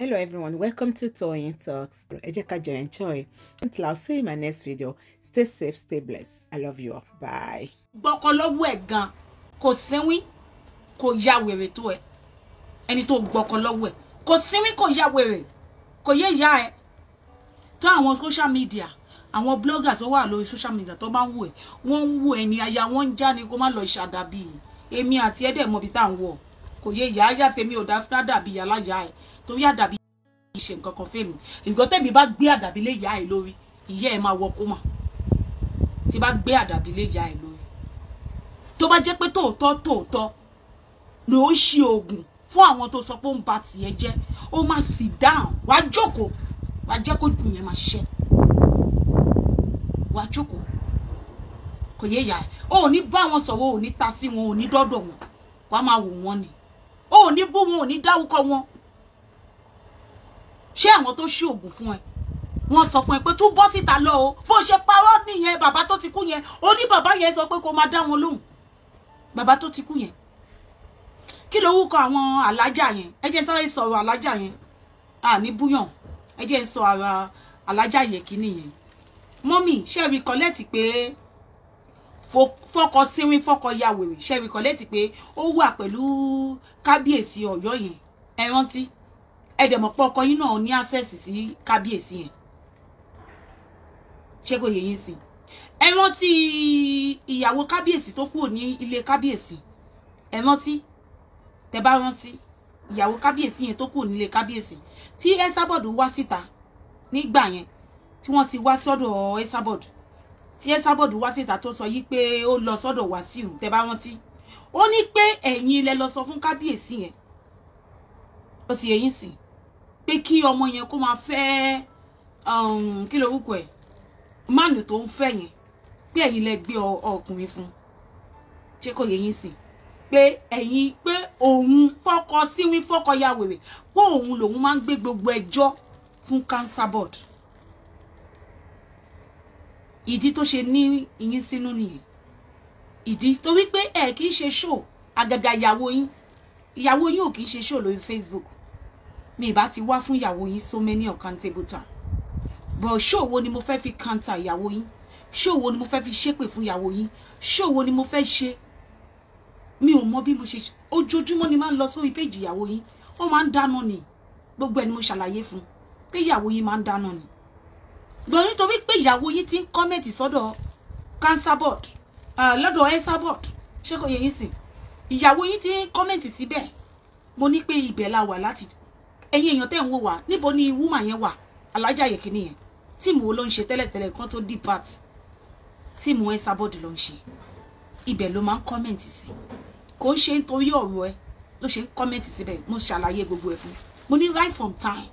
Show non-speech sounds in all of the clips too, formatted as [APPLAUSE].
hello everyone welcome to Toyeen Talks ẹ jẹ́ ká enjoy until i'll see you in my next video stay safe stay blessed i love you all bye. gbọ́kọ lọ́wọ́ gan kò sínwín kò ya wèrè tó ẹ̀ ẹni tó gbọ́kọ lọ́wọ́ ẹ̀ kò sínwín kò ya wèrè kò yé ìyá ẹ̀ tó àwọn social media àwọn bloggers tó wà lórí social media tó bá ń wò ẹ́ wọ́n ń wò ẹni aya wọ́n ń já ni kó má lọ ìṣàdàbí èmi àti ẹ̀dẹ̀ mọ̀bí tá à ń wọ̀ kò yé ìyá ayá tèmi ò dáadáa bí ìyá láyà ẹ̀ torí àdàbí yìí ṣe nǹkan kan fèmí ìgbọ́ tẹ̀mí bá gbé àdàbí lé ìyá ẹ̀ lórí ìyá ẹ̀ máa wọ kó mà tí bá gbé àdàbí lé ìyá ẹ̀ lórí tó bá jẹ́ pé tòótọ́ tòótọ́ ló ń ṣe oògùn fún àwọn tó sọ pé ó ń ba tiẹ̀ jẹ́ ó máa sit down wá jókòó wá jẹ́ kó dùn yẹn máa ṣiṣẹ́ wá jókòó kò yé ìyá ẹ̀ o ò ní bá wọn sọ̀wọ́ ò ní ta sí wọn ò ní dọ́dọ̀ wọn wá máa wò wọ́n ni o ò ní bú wọn ò ní dáwúkọ wọn ṣé àwọn tó ṣí oògùn fún ẹ wọ́n sọ fún ẹ pé tún bọ́ síta lọ o bó ṣe parọ́ nìyẹn bàbá tó ti kú yẹn ó ní bàbá yẹn sọ pé kó máa dá wọn lóhùn bàbá tó ti kú yẹn kí ló wúkọ àwọn alájà yẹn ẹ jẹ́ n sáré sọ̀rọ̀ alájà yẹn à ní búyàn ẹ jẹ́ n sọ ara alájà yẹn kí nìyẹn mọ́mì ṣe rìkọ́lẹ́tì pé fọkọ síwín fọkọ ya wèrè ṣe rìkọ́lẹ́tì pé ó wà pẹ̀lú kábíyèsí ọ̀yọ́ yẹn ẹ rántí ẹ dẹ̀ mọ̀ pé ọkọ yín náà ní access sí kábíyèsí yẹn ṣé kò yẹ yín sí ẹ rántí ìyàwó kábíyèsí tó kúrò ní ilé kábíyèsí ẹ rántí tẹ bá rántí ìyàwó kábíyèsí yẹn tó kúrò nílé kábíyèsí tí Esabod wá síta nígbà yẹn tí wọ́n ti wá sọ́dọ̀ Esabod tí Esabod wá síta tó sọ yí pé ó lọ sọ́dọ̀ Wàsíù tẹ bá rántí ó ní pé ẹ̀yin ilẹ̀ lọ sọ fún kábíyèsí yẹn ó sì yẹyìn sìn pé kí ọmọ yẹn kó máa fẹ́ um, kí lorúkọ ẹ̀ máàlù tó ń fẹ́ yẹn pé ẹ̀yin lẹ gbé ọkùnrin fún ṣé kò yẹ yín sìn pé ẹ̀yin pé òun fọ́kọ síwín fọ́kọ ya wèrè pé òun lòun máa ń gbé gbogbo ẹjọ́ fún cancer board ìdí tó ṣe ní ìyín sínú nìyẹn ìdí torí pé ẹ kì í ṣe ṣó àgàgà ìyàwó yín ìyàwó yín ò kì í ṣe ṣó lórí Facebook mi ba ti wa fun ìyàwó yín so many uncountable time but ṣòwò ni mo fẹ́ fi counter ìyàwó yín ṣòwò ni mo fẹ́ fi ṣépè fún ìyàwó yín ṣòwò ni mo fẹ́ ṣe mi ò mọ bí mo ṣe ojoojúmọ́ ni máa ń lọ sórí péjì ìyàwó yín ó máa ń dáná ni gbogbo ẹ̀ ni mo ṣàlàyé fún pé ìyàwó yín máa ń dáná ni gbọ́n nítorí pé ìyàwó yín ti ń kọ́mẹ̀tì cancer board ah, lọ́dọ̀ ẹ́sà board ṣé kò yẹ yín sìn ìyàwó yín ti ń kọ́mẹ̀tì síbẹ̀ mo ní pé ibẹ̀ la wà láti ẹ̀yin èèyàn tẹ́ ń wò wá níbo ni wúmà yẹn wà alájà yèkínní yẹn tíìmù wo ló ń ṣe tẹ́lẹ̀tẹ́lẹ̀ kan tó deep part tíìmù ẹ sábọ́ọ̀dù ló ń ṣe ibẹ̀ ló máa ń kọ́mẹ̀ǹtì sí kò ń ṣe nítorí ọ̀rọ̀ ẹ ló ṣe ń kọ́mẹ̀ǹtì síbẹ̀ mo ṣàlàyé gbogbo ẹ̀ fún mo ní right from time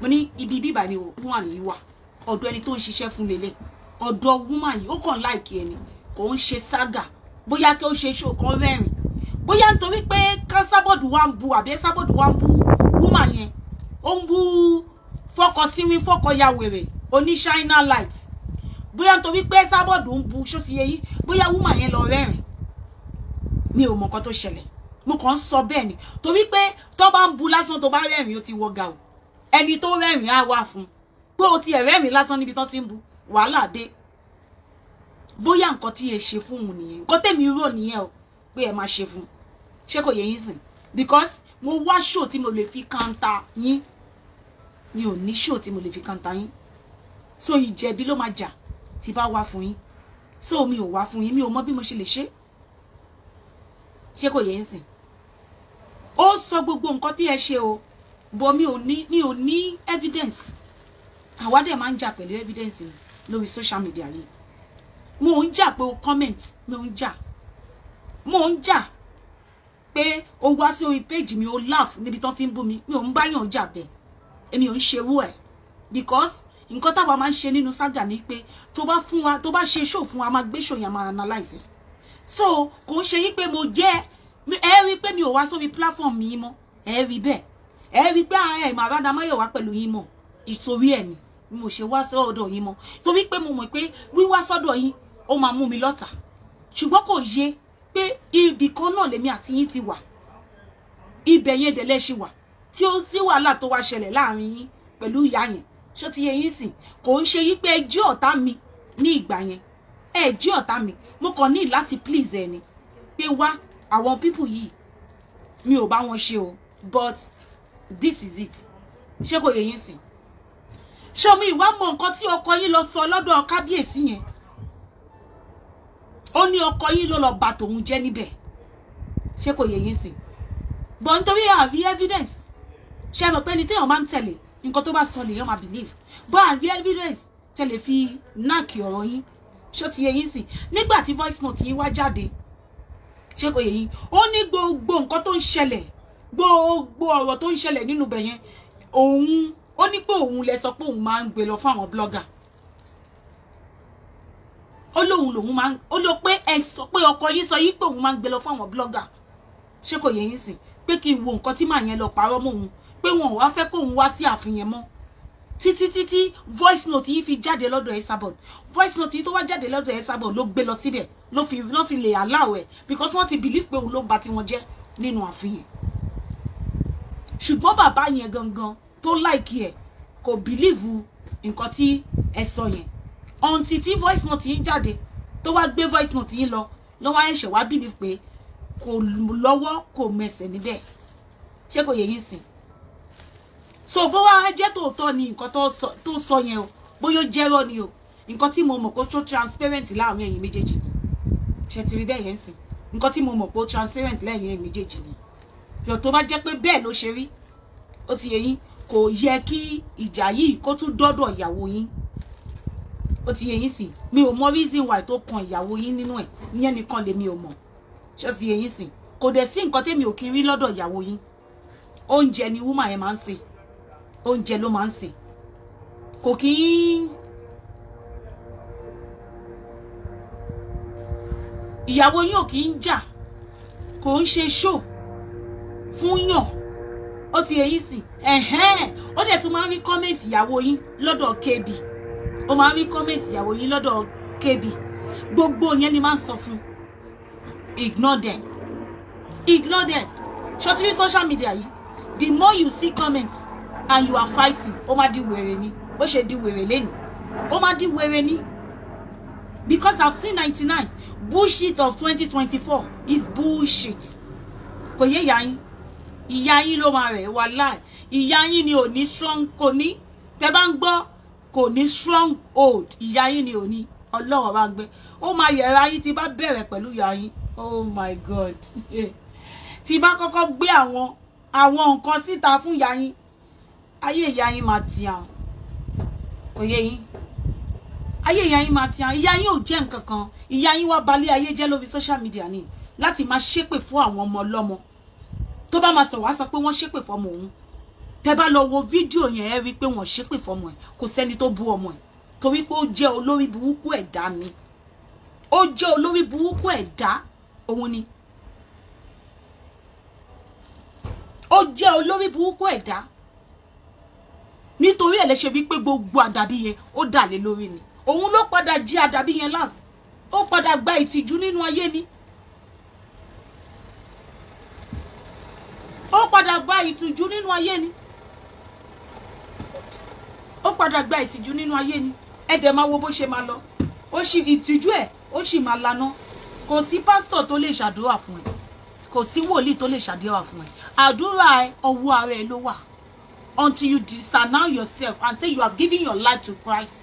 mo ní ibi bíbà ni wúmà yìí wà ọ̀dọ̀ ẹni tó ń ṣiṣẹ́ fún lélẹ̀ ọ̀dọ̀ wúmà yìí ó kàn láìkí ẹni kò ń ṣe ságà bóyá kí ó ṣe ṣòkan rẹ́rìn bóyá nítorí pé ká sábọ́ọ̀dù wa ń bu àbí sábọ́ọ̀dù wa ń bu woman yẹn ó ń bú fọkọ síwín fọkọ ya wèrè oní china light bóyá nítorí pé sábọ̀dù ń bu ṣó ti bóyá woman yẹn lọ rẹ́rìn mi ò mọ tó ṣẹlẹ̀ mo kàn ń sọ bẹ́ẹ̀ ni torí pé tó bá ń bu lásán tó bá rẹ́rìn ó ti wọ gàù ẹni tó rẹ́rìn á wà fún pé o ti ẹ̀ rẹ́rìn lásán níbi tán ti ń bu wàhálà dé bóyá nǹkan tí ẹ ṣe fún òun nìyẹn nǹkan tẹ̀mí rò nìyẹn o pé ẹ máa ṣe fún ṣé kò yẹ yín sìn because mo wá ṣò tí mo lè fi kanta yín mi ò ní ṣò tí mo lè fi kanta yín so ìjẹ̀bi ló máa jà tí bá wá fún yín so mi ò wá fún yín mi ò mọ bí mo ṣe lè ṣe ṣé kò yẹ ń sìn ó sọ gbogbo nǹkan tí ẹ ṣe o bọ mi ò ní mi ò ní evidence àwa dẹ̀ máa ń jà pẹ̀lú evidence lórí social media yìí mo ń jà pé o comment mo ń jà mo ń jà pé ó wá sí orí péjì mi ó láàfù níbi tán ti ń bú mi mi ò ń báyàn jà bẹ́ẹ̀ èmi ò ń ṣe wú ẹ̀ because nǹkan táwa máa ń ṣe nínú saga ni pé tó bá fún wa tó bá ṣe show fún wa máa gbé show yẹn máa analyze so kò ń ṣe yín pé mo jẹ́ ẹ rí pé mi ò wá sórí platform mi mọ́ ẹ rí bẹ́ẹ̀ ẹ rí pé ààrẹ ah, ìmọ̀ àrádámáyọ̀ wá pẹ̀lú yín mọ́ ìtorí ẹ̀ ni mo ṣe wá sọ́dọ̀ yín mọ́ torí pé mo mọ̀ pé wíwá sọ́dọ̀ yín ó máa mú mi lọ́tà ṣùgbọ́n kò yé pé ibì kan náà lèmi àti yín ti wà ibẹ̀ yẹn dẹ̀ lẹ́ṣin wà tí ó sí wàhálà tó wá ṣẹlẹ̀ láàrin yín pẹ̀lú ìyá yẹn ṣó ti yẹ yín sìn kò ń ṣe yí pé ẹ ọ̀tá mi ní ìgbà yẹn ẹ ọ̀tá mi mo kàn ní láti please ẹni pé wá àwọn people yìí mi ò bá wọn ṣe o but this is it ṣé kò yẹ yín sìn ṣé omi ìwà mọ nǹkan tí ọkọ yín lọ sọ lọ́dọ̀ kábíyèsí yẹn ó ní ọkọ yín ló lọ bà tòun jẹ́ níbẹ̀ ṣé kò yẹ yín sìn bọ̀ nítorí àbí evidence ṣe mọ̀ pé ẹni téèyàn máa ń tẹ̀lé nǹkan tó bá sọ lèèyàn máa believe bọ́ àbí evidence tẹ̀lé fi náàkì ọ̀rọ̀ yín ṣó ti yẹ yín sìn nígbà tí voice note yín wá jáde ṣé kò yẹ yín ó ní gbogbo nǹkan tó ń ṣẹlẹ̀ gbogbo ọ̀rọ̀ tó ń ṣẹlẹ̀ nínú bẹ̀yẹn òun ó ní pé òun lẹ sọ pé òun máa ń gbé lọ fáwọn blogger ó lóun lòun máa ń ó ló pé ẹ sọ pé ọkọ yín sọ yín pé òun máa ń gbé lọ fáwọn blogger ṣé kò yẹ yín sìn pé kí n wo nǹkan tí màá yẹn lọ parọ́ mọ́ òun pé wọn ò wá fẹ́ kóun wá sí ààfin yẹn mọ́ títí títí voice note yìí fi jáde lọ́dọ̀ Esabod voice note yìí tó wá jáde lọ́dọ̀ Esabod ló gbé lọ síbẹ̀ ló fi ló fi lè aláwẹ̀ because wọ́n ti believe pé òun ló ń ba tiwọn jẹ́ nínú ààfin yẹn ṣùgbọ́n bàbá yẹn gangan tó láìkí ẹ̀ kò bìlíìfù nǹkan tí ẹ sọ yẹn ọ̀ǹtì tí voice note yín jáde tó wá gbé voice note yín lọ lọ́wọ́ ẹ̀ṣẹ̀ wá bìbí pé kò lọ́wọ́ kò mẹsẹ̀ níbẹ̀ ṣé kò yẹ yín sìn so bó wá jẹ́ tòótọ́ ni nǹkan tó sọ yẹn o bóyá jẹ́rọ́ ni o nǹkan tí mo mọ̀ pé ó tó transparent láàrin ẹ̀yin méjèèjì ṣe ti rí bẹ́ẹ̀ yẹn sìn nǹkan tí mo mọ̀ pé ó transparent lẹ́yìn ẹ̀yin méjèèjì ni yọ̀ tó bá jẹ́ pé bẹ́ẹ̀ ló ṣe rí ó ti yẹ yín kò yẹ kí ìjà yìí kó tún dọ́dọ̀ ìyàwó yín ó ti yé yín mi ò mọ reason why tó kan ìyàwó yín nínú ẹ̀ ìyẹn nìkan lèmi ò mọ̀ ṣé ó ti yé yín sìn kò dẹ̀ sí nǹkan tèmi ò kí rí lọ́dọ̀ ìyàwó yín ni woman yẹn máa ń sè oúnjẹ ló máa ń sè kò kí í ìyàwó yín ò kí ń jà kò ń ṣe ṣó fún ti èyí sì ẹ̀hẹ́n ó dẹ̀ tún máa ń rí kọ́mẹ̀ntì ìyàwó yín lọ́dọ̀ ó máa rí comment ìyàwó yín lọ́dọ̀ kébì gbogbo yẹn ni máa ń sọ ignore them ignore them ṣọtí ní social media yìí the more you see comments and you are fighting ó máa di wèrè ni ó ṣe di wèrè lẹ́nu ó máa di wèrè ni because I've seen 99 bullshit of 2024 is bullshit kò yé ìyá yín ìyá yín ló máa rẹ̀ wá láì ìyá ni oni strong koni. ní tẹ bá ń Ko ni strong old ìyá ni oni. ní ọlọ́run bá gbé ó máa yẹra yín tí bá bẹ̀rẹ̀ pẹ̀lú oh my god [LAUGHS] tí bá kọ́kọ́ gbé àwọn àwọn nǹkan síta fún ìyá yín ayé ìyá yín máa ti àwọn òye yín ayé ìyá yín máa ti àwọn ìyá yín ò jẹ́ kan ìyá yín wá balẹ̀ ayé jẹ́ social media ni Lati ma ṣépè fún àwọn ọmọ ọlọ́mọ tó bá máa sọ wá sọ pé wọ́n ṣépè fọmọ òun tẹ́ bá lọ wo fídíò yẹn ẹ rí i pé wọ́n ṣépè fọmọ ẹ̀ kò sẹ́ni tó bú ọmọ ẹ̀ torí pé ó jẹ́ olórí burúkú ẹ̀dá mi ó jẹ́ olórí burúkú ẹ̀dá òun ni ó jẹ́ olórí burúkú ẹ̀dá nítorí ẹ̀ lè ṣe wípé gbogbo àdàbí yẹn ó dà lé lórí ni òun ló padà jí àdàbí yẹn láàsì ó padà gba ìtìjú nínú ayé ni ó padà gba ìtìjú nínú ayé ni ó padà gba ìtìjú nínú ayé ni ẹ dẹ̀ máa wo bó ṣe máa lọ ó sì ìtìjú ẹ̀ ó sì máa laná kò sí pásítọ̀ tó lè ṣàdúrà fún ẹ kò sí wòlíì tó lè ṣàdúrà fún ẹ àdúrà ẹ ọwọ́ ara ẹ ló wà until you disavow yourself and say you have given your life to Christ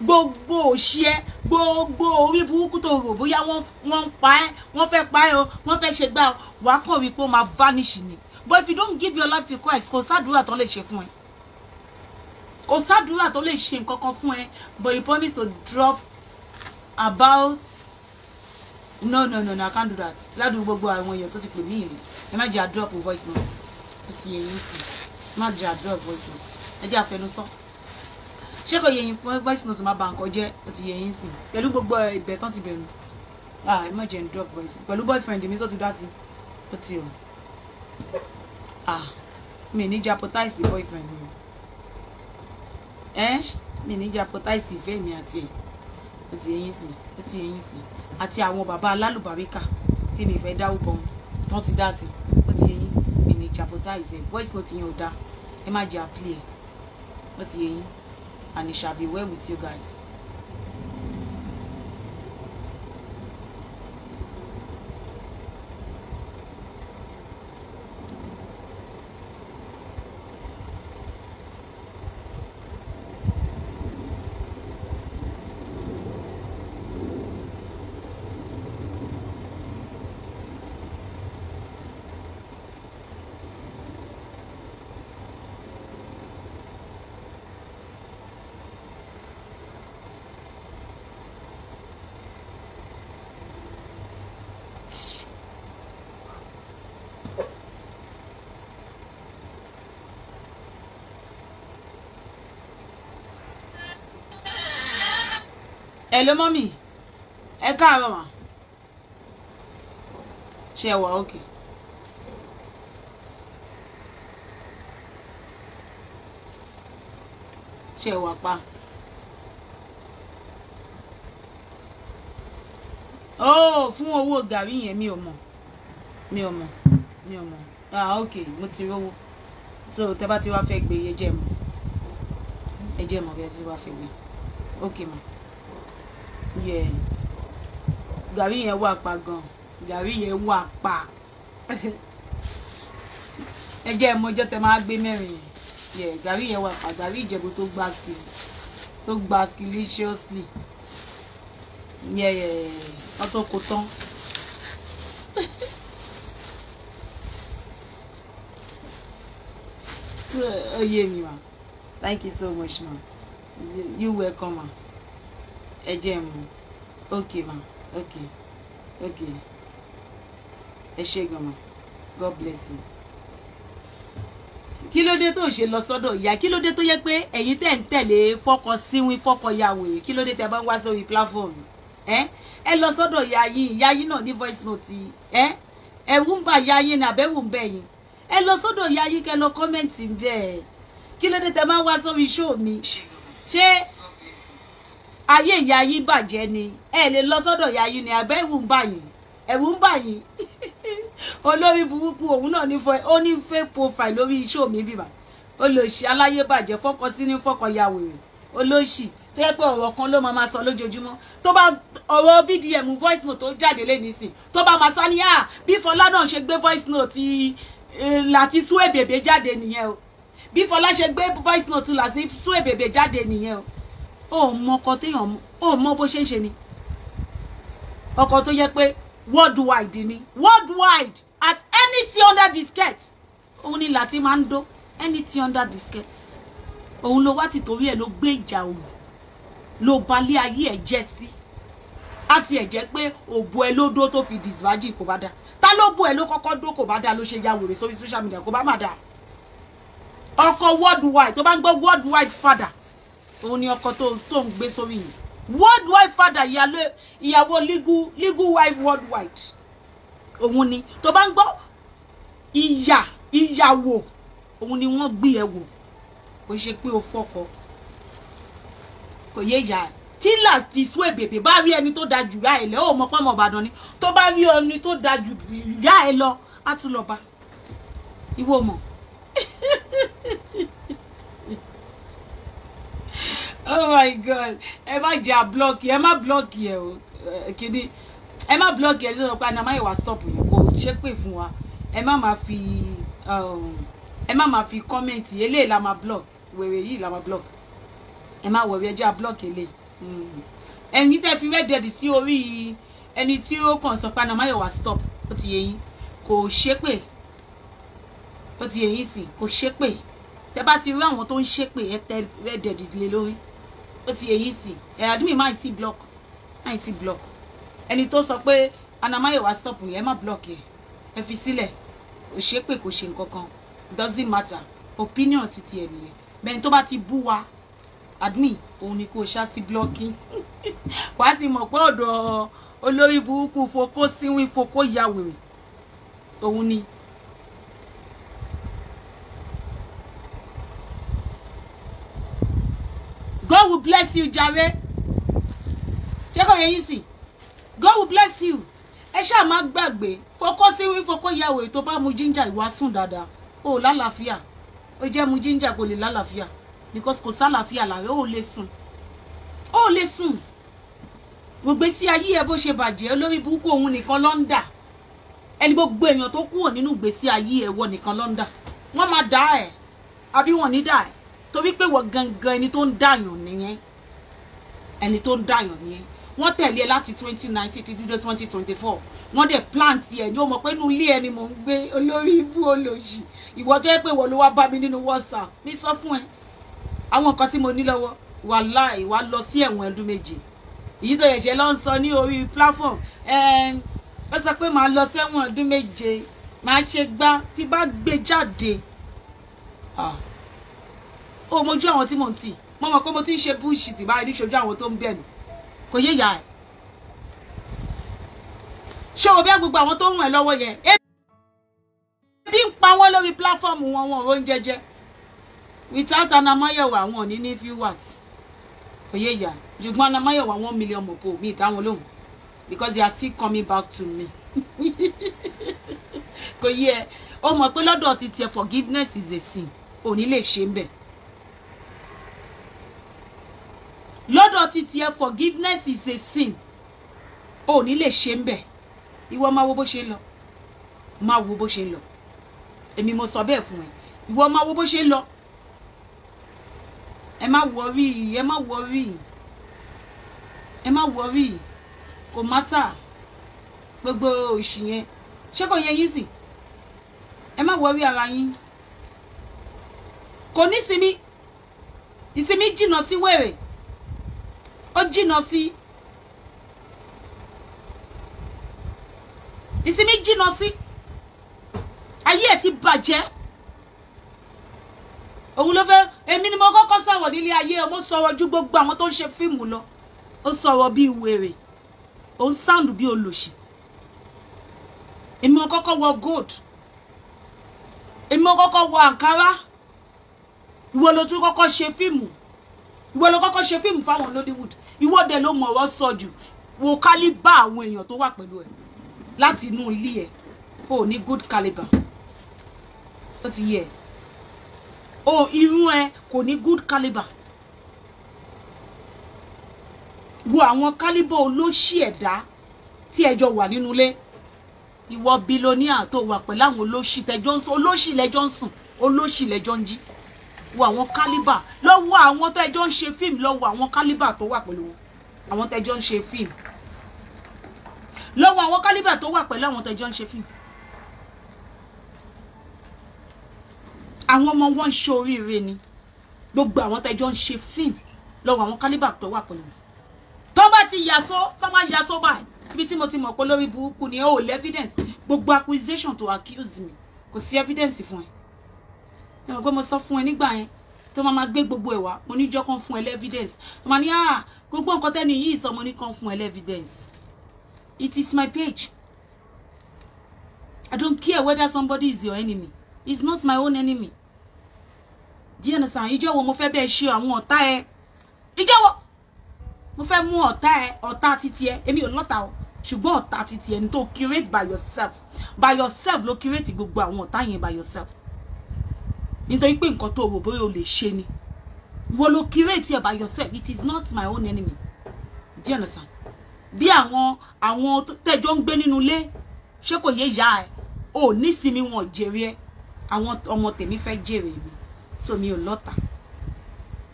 gbogbo òṣì ẹ gbogbo orí burúkú tó rò bóyá wọ́n ń pa ẹ́ wọ́n fẹ́ pa ẹ́ o wọ́n fẹ́ ṣe gbá wàá kàn wípé ó máa vanish ni but if you don't give your life to Christ kò sádùúrà tó lè ṣe fún ẹ kò sádùúrà tó lè ṣe nǹkan kan fún ẹ but he promise to drop about no no no no i can't do that ládùúgbò gbogbo àwọn èèyàn tó ti pè mí ìlú ẹ má jẹ́ àdúrà fún voice note ẹ ti yẹ yín sí ẹ má jẹ́ àdúrà fún voice note ẹ jẹ́ àfẹnusọ ṣé kò yẹ yín fún voice note má bà nǹkan jẹ́ ẹ ti yẹ yín sí pẹ̀lú gbogbo eh, ìbẹ̀ tán ti bẹ̀rù ah ẹ má jẹ́ drop voice pẹ̀lú boyfriend mi tó ti dá sí ó ti o ah mi ní jeopardize boyfriend mi ẹ́n eh? mi ní japotaisi ìfẹ́ mi àti ẹ̀ ó ti yẹyìn sí ó ti yẹyìn sí àti àwọn bàbá alálùbáríkà tí mi fẹ́ dáwùkọ tán ti dá sí ó ti yẹyìn mi ní japotaisi ẹ̀ voice note yẹn ò dáa ẹ má jẹ́ àpilẹ̀ ó ti yẹyìn and it shall be well with you guys. Hello mommy. mọ́mì ẹ káàárọ̀ mà ṣe wà òkè. ṣe wà pa. oh fún owó gàrí yẹn mi ò mọ̀ mi ò mọ̀ mi ò mọ̀ ah okay, mo ti rówó so tẹ bá ti wá fẹ́ gbé e jẹ́ mọ̀ ẹ jẹ́ mọ̀ bí ẹ ti wá fẹ́ gbé ok mọ̀ yeah gàrí yẹn wà pa gan gàrí yẹn wà pa [LAUGHS] ẹ jẹ́ ìmọ̀jọ́ tẹ máa gbé mẹ́rin yẹn gàrí yẹn wà pa gàrí ìjẹ̀bú tó gbá skill tó gbá skilliciously yẹn yẹn wọ́n tó kó tán. Oh [LAUGHS] yeah, ma. Thank you so much, ma. You welcome, ma ẹ jẹ́ mu ok ma ok ok ẹ ṣe gan ma god bless you kí ló dé tó ń ṣe lọ sọ́dọ̀ ìyá kí ló dé tó yẹ pé ẹ̀yin tẹ́ ń tẹ̀lé fọ́kọ síwín fọ́kọ yàwó yìí kí ló dé tẹ́ bá ń wá sórí platform ẹ ẹ lọ sọ́dọ̀ ìyá yín ìyá yín náà ní voice note ẹ ẹ̀wù ń bà ìyá yín ní àbẹ̀wò ń bẹ̀ yín ẹ lọ sọ́dọ̀ ìyá yín kẹ́ lọ kọ́mẹ̀ntì ń bẹ̀ kí ló dé tẹ́ máa ń wá sórí show mi ṣé ayé ìyá yín bàjẹ́ ni ẹ lè lọ sọ́dọ̀ ìyá yín ni àbẹ́ ìwù ń bà yín ẹ̀wù ń bà yín [LAUGHS] olórí burúkú òun náà ní fọ ó ní fake profile lórí iṣẹ́ mi bíbà olóṣì aláyé bàjẹ́ fọkọ sí ní fọkọ ya wèrè olóṣì tó yẹ pé ọ̀rọ̀ kan ló máa ma sọ lójoojúmọ́ tó bá ọ̀rọ̀ vdm voice note tó jáde lé nísìn tó bá máa sọ ní à ah, bí Fọlá náà ṣe gbé voice note ti láti sún èbèbè jáde nìyẹn o bí Fọlá ṣe gbé voice note láti sún èbèbè jáde nìyẹn o ó mọ ọkọ téèyàn ó mọ bó ṣe ń ṣe ni ọkọ tó yẹ pé worldwide ni worldwide at anything under the skirt òun ni láti máa ń dó anything under the skirt òun ló wá ti torí ẹ̀ ló gbé ìjà òun ló balẹ̀ ayé ẹ̀ jẹ́ sí àti ẹ̀ jẹ́ pé òbò ẹ ló dó tó fi disvagin kò bá dáa ta ló bo ẹ ló kọ́kọ́ dó kò bá dáa ló ṣe ya wèrè sórí social media kò bá má dáa ọkọ worldwide tó bá ń gbọ́ worldwide father òun ni ọkọ tó tó ń gbé sórí yìí worldwide father ìyàwó legal legal wife worldwide òun ni tó bá ń gbọ́ ìyà ìyàwó òun ni wọ́n gbé ẹ wò kò ṣe pé o fọkọ kò yé ìyá ẹ tí láti sún èbèbè bá rí ẹni tó da jù yá ẹ lẹ ó mọ pọmọ Ìbàdàn ni tó bá rí ẹni tó da jù yá ẹ lọ á tún lọ bá ìwọ mọ [LAUGHS] oh my god ẹ má jẹ́ à block ẹ má block ẹ o kíní ẹ má block ẹ lọ́dọ̀ pé anamáyé wa stop yìí kò ṣe pé fún wa ẹ má máa fi um, ẹ má máa fi comment eléyìí la máa block wèrè yìí la máa block ẹ má wọ̀rí ẹjẹ́ à block eléyìí hmm. ẹ̀yin tẹ́ fi rẹ́dẹ̀dì sí orí ẹni tí ó kàn sọ pé anamáyé wa stop ó ti yẹ yín kò ṣe pé ó ti yẹ yín sí kò ṣe pé tẹ bá ti rí àwọn tó ń ṣépè ẹ tẹ rẹ́dẹ̀dì lé lórí ó ti èyí sì ẹ àdúmì máa ti block máa ti block ẹni tó sọ pé anamáyèwá stop yẹn má block e. E fi sílẹ̀ kò ṣe pé kò ṣe nǹkan doesn't matter opinion ti ti ẹnìyẹn bẹ́ẹ̀ni to ba ti bú wa admin òun ni kò ṣá sí blocking [LAUGHS] wàá ti mọ̀ pé ọ̀dọ̀ olórí foko fokó síwìn fokó yàwèrè òun ni God will bless you Jare. Check on your yín God will bless you Esha ṣáà má gbàgbé fọkọ sí wí fọkọ ìyàwó ètò bá mu jíńjà ìwà sùn dáadáa o lálàáfíà ó jẹ́ mu because kosa sálàáfíà la oh lè Oh ó lè sùn gbogbo sí ayé ẹ bó ṣe bàjẹ́ olórí burúkú òun nìkan ló ń dà ẹni gbogbo èèyàn tó kúrò nínú ìgbésí ayé ẹ wọ nìkan ló ń dà wọ́n máa dá ẹ̀ torí pé wọ gangan ẹni tó ń dàyàn nìyẹn ẹni tó ń dàyàn nìyẹn wọ́n tẹ̀lé ẹ láti twenty nineteen títí dé twenty twenty four wọ́n dẹ̀ plant ẹ ní o mọ̀ pé inú ilé ẹni mò ń gbé olórí ibú olóṣì ìwọ tó yẹ pé ìwọ ló wá bá mi nínú WhatsApp mi sọ fún ẹ àwọn nǹkan tí mo ní lọ́wọ́ wàláì wá lọ sí ẹ̀wọ̀n ọdún méje èyí tó yẹ̀ṣẹ̀ ló ń sọ ní orí platform ó sọ pé màá lọ sẹ́wọ̀n ọdún méje màá ṣe gbá tí bá gbé jáde. Ah ó mojú àwọn tí mò ń tì mo mọ̀ pé mo ti ń ṣe búùṣì tì báyìí níṣojú àwọn tó ń bẹ̀ mí kò yé ìyá ẹ̀ ṣé o bẹ́ gbogbo àwọn tó ń ràn ẹ́ lọ́wọ́ yẹn ebi ń pa wọ́n lórí pílàfọ́ọ̀mù wọn wọn ò ń jẹjẹ without anamáyẹ̀wà wọn ò ní ní viewers kò yé ìyá ṣùgbọ́n anamáyẹ̀wà one million mọ̀pọ̀ mi ìdáwọn lóhùn because they are still coming back to me [LAUGHS] kò yé ẹ o mọ̀ pé lọ́dọ̀ ti tiẹ̀ forgiveness is a sin ò ní lè ṣe ń lọ́dọ̀ ti tiẹ̀ forgiveness is a sin o ò ní lè ṣe ń bẹ̀ ìwọ máa wo bó ṣe ń lọ máa wo bó ṣe ń lọ èmi mo sọ bẹ́ẹ̀ fún ẹ ìwọ máa wo bó ṣe ń lọ ẹ má wọrí ẹ má wọrí ẹ má wọrí kò mátà gbogbo òṣì yẹn ṣé kò yẹ yín sì ẹ má wọrí ara yín kò ní sinmi ìsinmi jìnnà sí wèrè ó jìnnà sí ìsinmi jìnnà sí ayé ẹ̀ ti bàjẹ́ òun ló fẹ́ èmi ni mo kọ́kọ́ sọ̀rọ̀ nílé ayé ọmọ sọ̀rọ̀ ju gbogbo àwọn tó ń ṣe fíìmù lọ ó sọ̀rọ̀ bíi wèrè ó ń sáùndù bíi olòṣì èmi mo kọ́kọ́ wọ gold èmi mo kọ́kọ́ wọ àǹkárá ìwọ ló tún kọ́kọ́ ṣe fíìmù ìwọ ló kọ́kọ́ ṣe fíìmù fáwọn Nollywood ìwọ dẹ̀ ló mọ̀ ọ̀rọ̀ sọ jù wo kálíbà àwọn èèyàn tó wà pẹ̀lú ẹ̀ láti inú ilé ẹ̀ o ní good caliber ó ti yẹ o irun ẹ kò ní good caliber wo àwọn caliber olóṣì ẹ̀dá tí ẹ jọ wà nínú ilé Bilonia to tó wà pẹ̀lú àwọn olóṣì tẹjọ́ ń sùn olóṣì lẹjọ́ ń sùn olóṣì wo àwọn kálíbà lọ́wọ́ àwọn tẹ́jọ́ ń ṣe fíìmù lọ́wọ́ àwọn kálíbà tó wà pẹ̀lú wọn àwọn tẹ́jọ́ ń ṣe fíìmù lọ́wọ́ àwọn kálíbà tó wà pẹ̀lú àwọn tẹ́jọ́ ń ṣe fíìmù àwọn ọmọ wọn ń ṣe oríire ni gbogbo àwọn tẹ́jọ́ ń ṣe fíìmù lọ́wọ́ àwọn kálíbà tó wà pẹ̀lú wọn tó bá ti yàsó tó má yàsó báyìí ibi tí mo ti mọ̀ pé lórí burúkú ni ó lè evidence gbogbo accusation to accuse me kò sí evidence fún ẹ ẹ̀rọ pé mo sọ fún ẹ nígbà yẹn tó máa gbé gbogbo ẹ̀ wá mo ní kan fún ẹ lẹ́vidẹ́nsì tó máa ní ah gbogbo nǹkan tẹ́ni yìí sọ mo ní kan fún ẹ lẹ́vidẹ́nsì it is my page I don't care whether somebody is your enemy it's not my own enemy díẹ̀ nìsan ìjọ wo mo fẹ́ bẹ́ẹ̀ ṣe àwọn ọ̀tá ẹ ìjọ wo mo fẹ́ mú ọ̀tá ẹ ọ̀tá títí ẹ èmi ò lọ́ta o ṣùgbọ́n ọ̀tá títí ẹ ní tó create by yourself by yourself ló create gbogbo àwọn ọ̀tá yẹn by yourself nítorí pé nǹkan tó rò bóyá o lè ṣe ni ìwọ ló create ẹ̀ by yourself it is not my own enemy do you understand bí àwọn àwọn tẹ́jọ́ ń gbé nínú ilé ṣé kò yé ìyá ẹ̀ ò nísìmí wọn jèrè ẹ̀ àwọn ọmọ tèmi fẹ́ jèrè mi so mi ò lọ́tà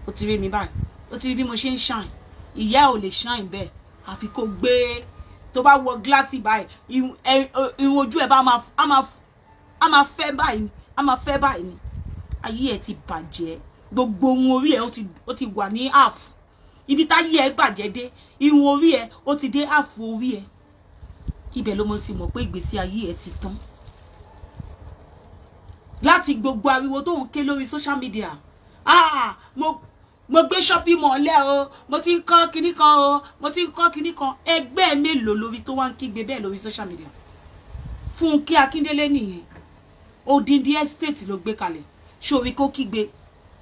ó ti rí mi báyìí ó ti rí bí mo ṣe ń ṣàn ìyá ò lè ṣàn bẹ́ẹ̀ àfi kó gbé tó bá wọ gíláàsì báyìí irun ojú ẹ̀ bá a máa fẹ́ báyìí ni ayé ẹ ti bàjẹ́ gbogbo ohun orí ẹ ó ti wà ní half ibi táyé ẹ bàjẹ́ dé irun orí ẹ ó ti dé half orí ẹ ibẹ̀ ló mo ti mọ̀ pé ìgbésí ayé ẹ ti tán láti gbogbo ariwo tó ń ké lórí social media ah mo mo gbé shopping mall lẹ́ o mo ti ń kọ́ kinní kan o mo ti ń kọ́ kinní kan ẹgbẹ́ mélòó lórí tó wá ń kígbe bẹ́ẹ̀ lórí social media Fúnkẹ́ Akíndélé nìyẹn odindi estate ló gbé kalẹ̀ ṣòrí kó kígbe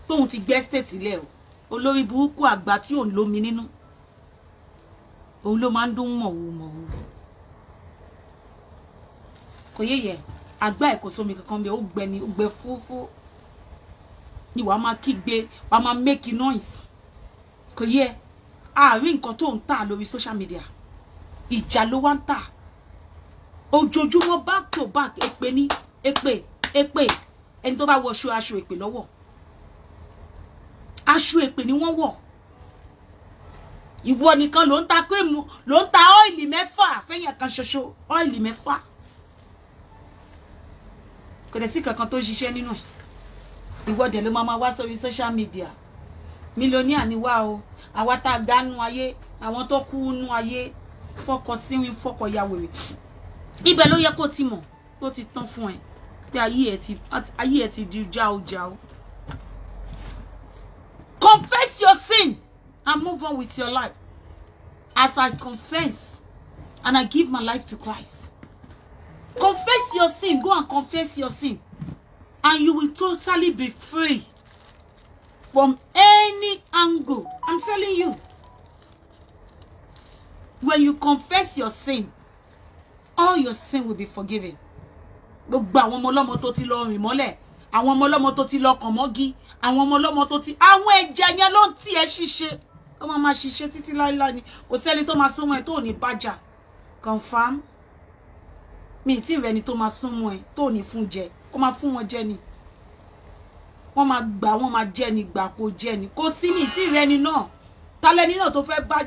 tóun ti gbẹ́ state ilẹ̀ o olórí burúkú àgbà tí òun lómi nínú òun ló máa ń dún mọ̀wó mọ̀wó kò yé àgbà ẹ̀kọ́ sómi kankan bẹ́ẹ̀ ó gbẹ ni ó gbẹ fúfú ni wàá máa kígbe wàá máa make noise kò yẹ àárín nǹkan tó ń tà lórí social media ìjà ló wá ń tà ojoojúmọ́ back to back èpè ní èpè èpè ẹni tó bá wọṣọ aṣọ èpè lọ́wọ́ aṣọ èpè ni wọ́n wọ̀ ìwọ nìkan ló ń ta kírìmù ló ń ta ọ́ìlì mẹ́fà fẹ́yìn kan ṣoṣo ọ́ìlì mẹ́fà kò dẹ̀ sí kankan tó ṣiṣẹ́ nínú ẹ̀ ìwọ ló máa ma wá sórí social media mílíọ̀nìà ni o àwa tá a dánú ayé àwọn tó kú nú ayé fọkọ síwìn fọkọ ya wèrè ibẹ̀ ló yẹ kó ti mọ̀ tó ti tán fún ẹ pé ayé ẹ ti di jáújáú confess your sin and move on with your life as I confess and I give my life to Christ confess your sin go and confess your sin and you will totally be free from any angle I'm telling you when you confess your sin all your sin will be forgiven gbogbo àwọn ọmọ ọlọ́mọ tó ti lọ rìn mọ́lẹ̀ àwọn ọmọ ọlọ́mọ tó ti lọ kàn mọ́gi àwọn ọmọ ọlọ́mọ tó ti àwọn ẹ̀jẹ̀ yẹn ló ń ti ẹ́ ṣiṣe ó máa máa ṣiṣẹ́ títí láíláí ni kò sẹ́ni tó máa súnmọ́ ẹ tó ní bájà confam mi tí rẹ ni tó máa súnmọ́ ẹ tó ní fún jẹ ó máa fún wọn jẹ ni wọ́n máa gbà wọ́n máa jẹ ni gbà kó jẹ ni kò sí mi tí rẹ ni náà talẹ́ni náà tó fẹ́ bá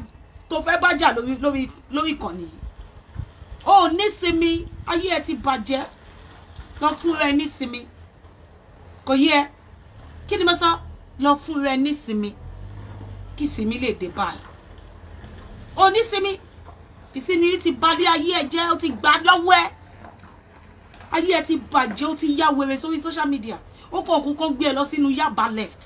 tó fẹ́ bájà lórí lórí lórí ìkànnì yìí ó nísinmi ayé ẹ ti bàjẹ́ lọ fún rẹ nísinmi kò yí ẹ kí ni mo sọ lọ fún rẹ nísinmi kí ìsinmi lè dé báyìí onísinmi ìsinmi ti balẹ̀ ayé ẹ jẹ́ ó ti gbà lọ́wọ́ ẹ ayé ẹ ti bàjẹ́ ó ti yá wèrè sórí social media ó kọ̀ òkú kan gbé ẹ lọ sínú yaba left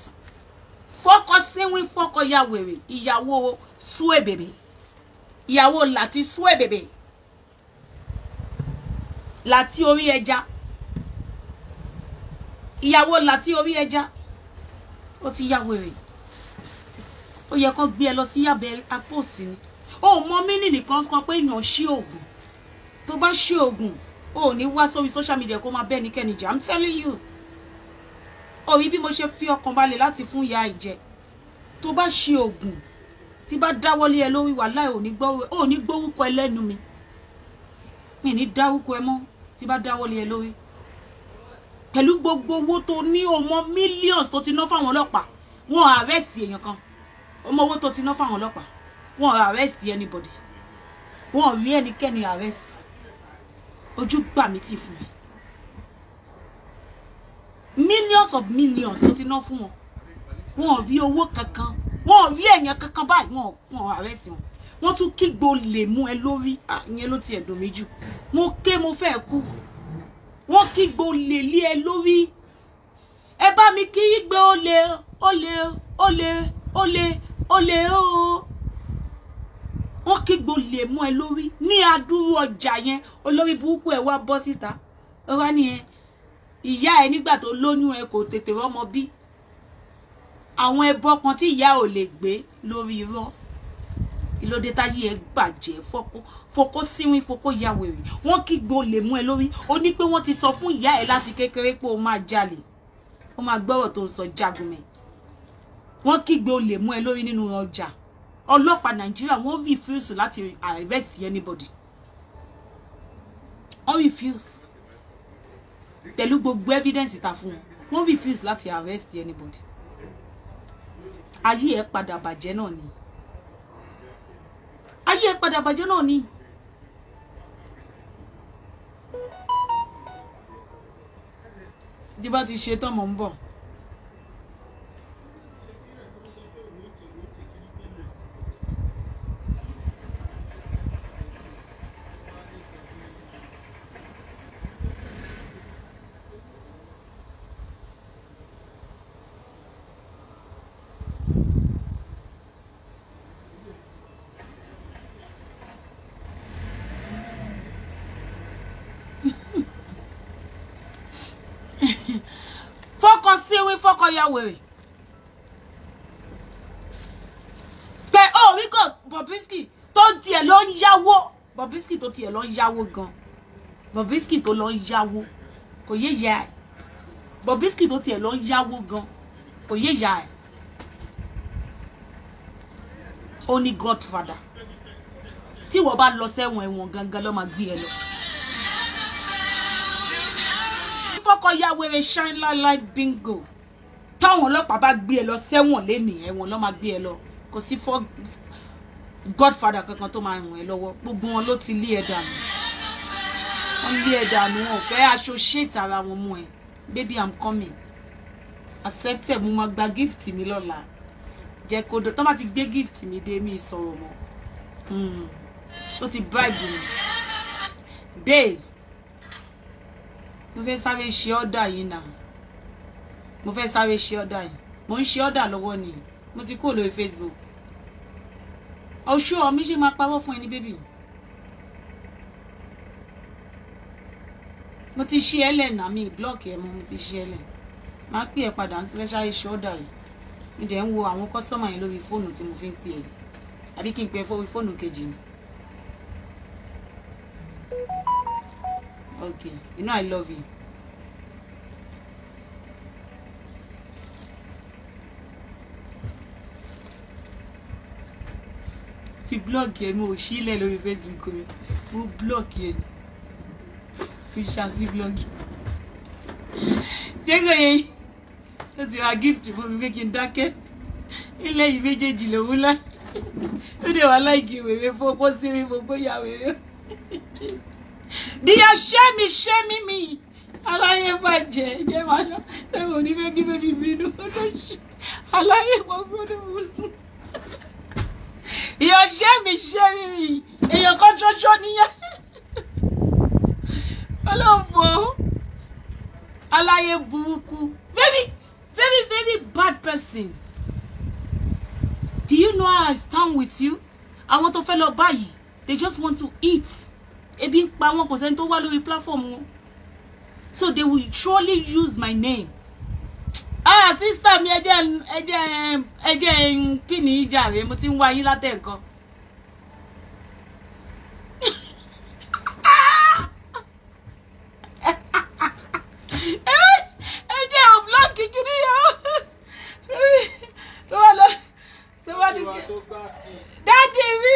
fọkọ sínwín fọkọ ya wèrè ìyàwó súwè bèbè ìyàwó láti súwè bèbè láti orí ẹja ìyàwó láti orí ẹja ó ti ya wèrè ó yẹ kán gbé ẹ e lọ sí yàbẹ apò òsì ni ó mọ mínì nìkan kan pé èèyàn ṣí oògùn tó bá ṣí oògùn ó ní wá sórí social media kó máa bẹ́ẹ̀ níkẹ́ni jà i'm telling you orí bí mo ṣe fi ọkàn balẹ̀ láti fún ìyá ìjẹ tó bá ṣí oògùn tí bá dáwọ́lé ẹ lórí wàláì ò ní gbórúkọ ẹlẹ́nu mi mi ní dárúkọ ẹ mọ́ tí bá dáwọ́lé ẹ lórí pẹ̀lú gbogbo owó tó ní ọmọ millions tó ti ná fáwọn ọlọ́pàá wọn arrest èèyàn kan ọmọ owó tó ti ná fáwọn ọlọ́pàá wọn arrest anybody wọn rí ẹnikẹ́ni arrest ojú gbà mí tì fún mi millions of millions tó ti ná fún wọn wọn rí owó kankan wọn rí èèyàn kankan báyìí wọn wọn arrest wọn wọn tún kígbo lè mú ẹ lórí ah, ìyẹn ló tiẹ̀ dùn mí jù mo ké mo fẹ́ kú wọ́n kígbe olè lé ẹ lórí ẹ bá mi kígbe olè olè olè olè olè ooo wọ́n kígbe olè mọ́ ẹ lórí ní adúrú ọjà yẹn olórí burúkú ẹ wá bọ́ síta ó wá nìyẹn ìyá ẹ nígbà tó lóyún ẹ kò tètè rọ́mọ bí àwọn ẹbọ kan tí ìyá ò lè gbé lórí irọ́ ìlódé táyé ẹ bàjẹ́ fọ́kó fọ́kó síwín fọ́kó ya wèrè wọ́n kígbe olè mú ẹ lórí ó ní pé wọ́n ti sọ fún ìyá ẹ láti kékeré pé ó máa jalè ó máa gbọ́rọ̀ tó ń sọ jagunmẹ̀ wọ́n kígbe olè mú ẹ lórí nínú ọjà ọlọ́pàá Nigeria, wọ́n refuse láti arrest anybody wọ́n refuse pẹ̀lú gbogbo evidence ta fún wọn wọ́n refuse láti arrest anybody ayé ẹ padà bàjẹ́ náà ni ayé padà bàjẹ́ náà ni. tí bá ti ṣe tán mò ń bọ̀. ya wèrè pé ó rí kò Bobrisky tó tiẹ̀ lọ ń yáwó Bobrisky tó tiẹ̀ lọ ń yáwó gan Bobrisky tó lọ ń yáwó kò yé ìyá ẹ̀ Bobrisky tó tiẹ̀ lọ gan kò yé ìyá ẹ̀ godfather Ti wọ́n bá lọ sẹ́wọ̀n ẹ̀wọ̀n gangan ló máa gbé ẹ lọ. fọkọ ya shine light like bingo táwọn ọlọ́pàá bá gbé ẹ lọ sẹ́wọ̀n lẹ́nìí ẹ̀wọ̀n ló máa gbé ẹ lọ kò sí fọ́ godfather kankan tó máa ràn ẹ lọ́wọ́ gbogbo wọn ló ti lé ẹ dànù wọn lé ẹ dànù wọn fẹ́ aṣọ ṣètì ara wọn mú ẹ baby i'm coming accepted mo máa gba gift mi lọ́la jẹ́ kó dọ̀ tó bá ti gbé gift mi dé mi sọ̀rọ̀ mọ́ hmm. ó ti bribe mi babe mo fẹ́ sáré ṣe ọ́dà yìí náà mo fẹ́ sáré ṣe ọ̀dà yìí mo ń ṣe ọ̀dà lọ́wọ́ ni mo ti kúrò lórí Facebook oṣù ọmí ṣe máa pawọ́ fún ẹni bébì mo ti ṣe ẹlẹ́nà mi blọọkì ẹ̀ mọ́ mo ti ṣe ẹlẹ́nà máa pè ẹ́ padà ń ti fẹ́ sáré ṣe ọ̀dà yìí mo dẹ̀ ń wo àwọn kọ́sọ́mà yẹn lórí fóònù tí mo fi ń pè é àbí kí n pè é fóònù kejì ni. Okay, you know I love you. ti blọọgì ẹ mi ò lórí facebook mi mo blọọgì ẹ fi ṣàṣì blọọgì jẹ́gọ̀ yẹn ó ti ra gift fún mi pé kí n dákẹ́ ilé yìí méjèèjì lòun lá ó dẹ̀ wá láìkí wèrè fún opó sírí gbogbo ìyá wèrè díẹ̀ ṣẹ́mi ṣẹ́mi mi aláyé bàjẹ́ jẹ́ máa lọ ẹ̀wọ̀n ní bẹ́ẹ̀ kí bẹ́ẹ̀ bí bínú ó lọ ṣe aláyé mọ́ fún ọdún ìyànṣẹ́ mi ṣe rírì èèyàn kan ṣoṣo nìyẹn olóòfò aláyé burúkú very very very bad person do you know how I stand with you àwọn tó fẹ́ lọ báyìí they just want to eat ebi ń pa wọn kò sẹ́ni tó wá lórí platform wọn so they will surely use my name ah sister mi ẹjẹ ẹjẹ ẹjẹ kí ni ìjà rẹ mo ti ń wá yín látẹ̀kọ́. ẹjẹ ò búlọ́ọ̀kì kiri yọ tó wà lọ tó wà ní kí dáàdì mi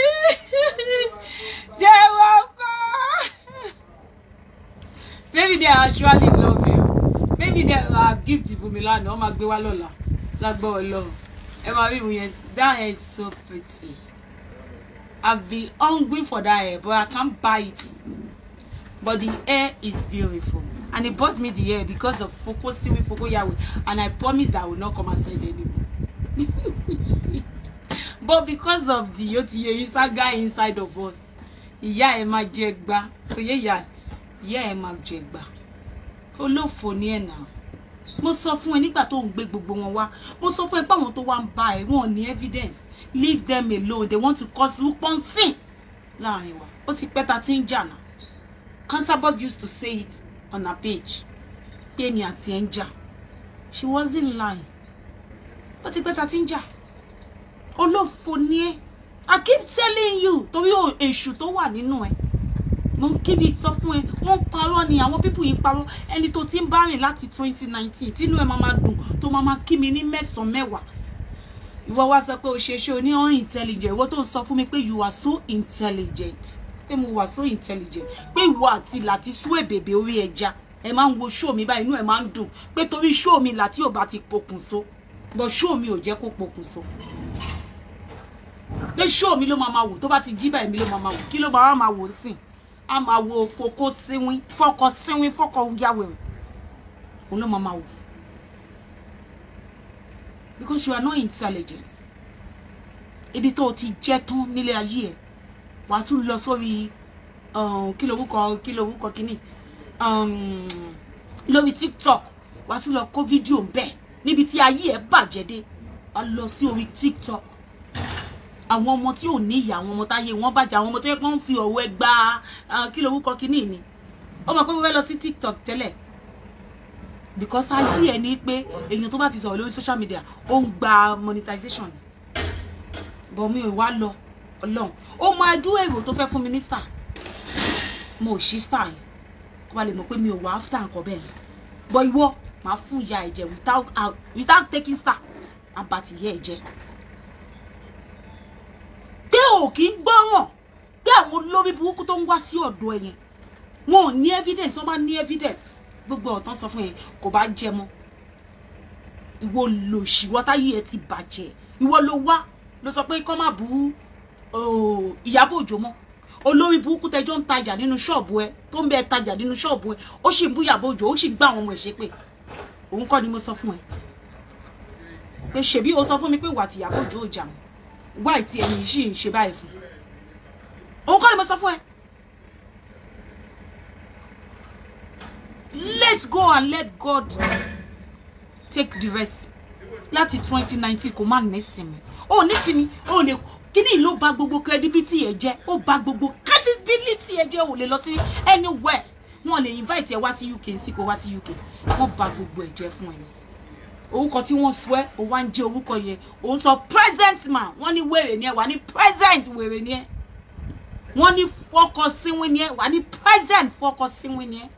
jẹ́ wọ́n kọ́. Maybe they actually love you maybe they are gift fún mi lánàá wọ́n máa gbé wá lọ́la lágbọ́ ọlọ́run that is so pretty I've been hungry for that hair but I can't buy it but the hair is beautiful and it bought me the air because of focusing with Foko Yahweh and I promise that I will not come outside anymore [LAUGHS] but because of the yotiye guy inside of us ìyá my máa jẹ gbá oyè my ìyá olófò ni ẹ̀ náà mo sọ fún ẹ nígbà tó ń gbé gbogbo wọn wá mo sọ fún ẹ pé àwọn tó wá ń ba ẹ wọn ò ní evidence leave them alone they want to cause whooponsing láàrin wa ó ti pẹ́ ta ti ń jà náà Cancerbog used to say it on her page pé mi àti ẹ̀ ń jà she wasn't lying ó ti pẹ́ ta ti ń jà olófò ni ẹ I keep telling you torí èṣù tó wà nínú ẹ mo kí ni sọ fún ẹ wọ́n parọ́ ni àwọn pípù yìí parọ́ ẹni tó ti ń bá rìn láti 2019 tínú ẹ máa máa dùn tó máa máa kí mi ní mẹ́sàn-án mẹ́wàá ìwọ wá sọ pé o ṣe ṣe o ní un intelligent ìwọ tó ń sọ fún mi pé you are so intelligent pé mo wà so intelligent pé ìwọ àti láti sún èbèbè orí ẹja ẹ máa ń wo ṣó mi báyìí inú ẹ máa ń dùn pé torí ṣó mi láti ò bá ti pokùnso bọ ṣó mi ò jẹ́ kó pokùnso pé ṣó mi ló máa máa wò tó bá ti jí báyìí mi ló máa máa wò kí ló máa máa wò sí i a máa wo foko síwín fọkọ síwín fọkọ yàwèrè òun ló máa máa wò because you are not intelligent ibi tó o ti jẹ́ tán nílé ayé ẹ̀ wàá tún lọ sórí um, kí ló wúkọ Kilo ló wúkọ kínní um, lórí tiktok wàá tún lọ kó fídíò bẹ́ẹ̀ níbi tí ayé ẹ̀ bàjẹ́ dé wàá lọ sí orí tiktok àwọn ọmọ tí ò ní ìyá àwọn ọmọ táyé wọn bàjẹ́ àwọn ọmọ tó yẹ kó ń fi ọ̀wọ́ ẹ gba kí ló wúkọ kínní ni ó mọ̀ pé mo fẹ́ lọ sí tiktok tẹ́lẹ̀ because ayé ẹ ní pé èèyàn tó bá ti sọ̀rọ̀ lórí social media ó ń gba monetization bọ̀ mi ò wá lọ ọlọ́run ó máa dúró èrò tó fẹ́ fún mínísítà mo ò ṣí star yìí kó ba lè mọ̀ pé mi ò wá after nǹkan bẹ́ẹ̀ bọ̀ ìwọ máa fún ìyá ẹ̀jẹ̀ without taking star àbàtì ìyá ẹ̀jẹ̀ pé o kí ń gbọ́ràn pé àwọn olórí burúkú tó ń wá sí ọ̀dọ̀ ẹ yẹn wọn ò ní evidence wọn bá ní evidence gbogbo ọ̀tán sọ fún yẹn kò bá jẹ mọ́ ìwọ lò ṣìwọ́ táyé ẹ ti bàjẹ́ ìwọ ló wá ló sọ pé kọ́ má bú Ìyábọ̀ Òjó mọ́ olórí burúkú tẹjọ́ ń tajà nínú ṣọ́ọ̀bù ẹ tó ń bẹ tajà nínú ṣọ́ọ̀bù ẹ ó sì ń bú Ìyábọ̀ Òjó ó sì gbá àwọn ọmọ ẹ̀ ṣépè òun kọ́ ni mo sọ fún ẹ pé ṣèbí o sọ fún mi pé wà tí Ìyábọ̀ ò jà mọ́ wáì tí ẹni yìí sì ń ṣe báyìí fún òun kọ́ ni mo sọ fún ẹ. let go and let God take the rest láti twenty nineteen kò má nísinmi ó nísinmi ó lè kíní ló bà gbogbo credibility ẹ jẹ́ ó bà gbogbo credibility ẹ jẹ́ ò lè lọ sí anywhere wọn lè invite ẹ wá sí UK sí kó wá sí UK wọn bà gbogbo ẹ jẹ́ fún ẹni orúkọ tí wọ́n sọ ẹ́ O wá ń jẹ́ orúkọ yẹn ó ń sọ present man wọ́n ní wèrè ni ẹ wà ní present wèrè ni ẹ wọ́n ní fọkọ síwín ni ẹ wà ní present fọkọ síwín ni ẹ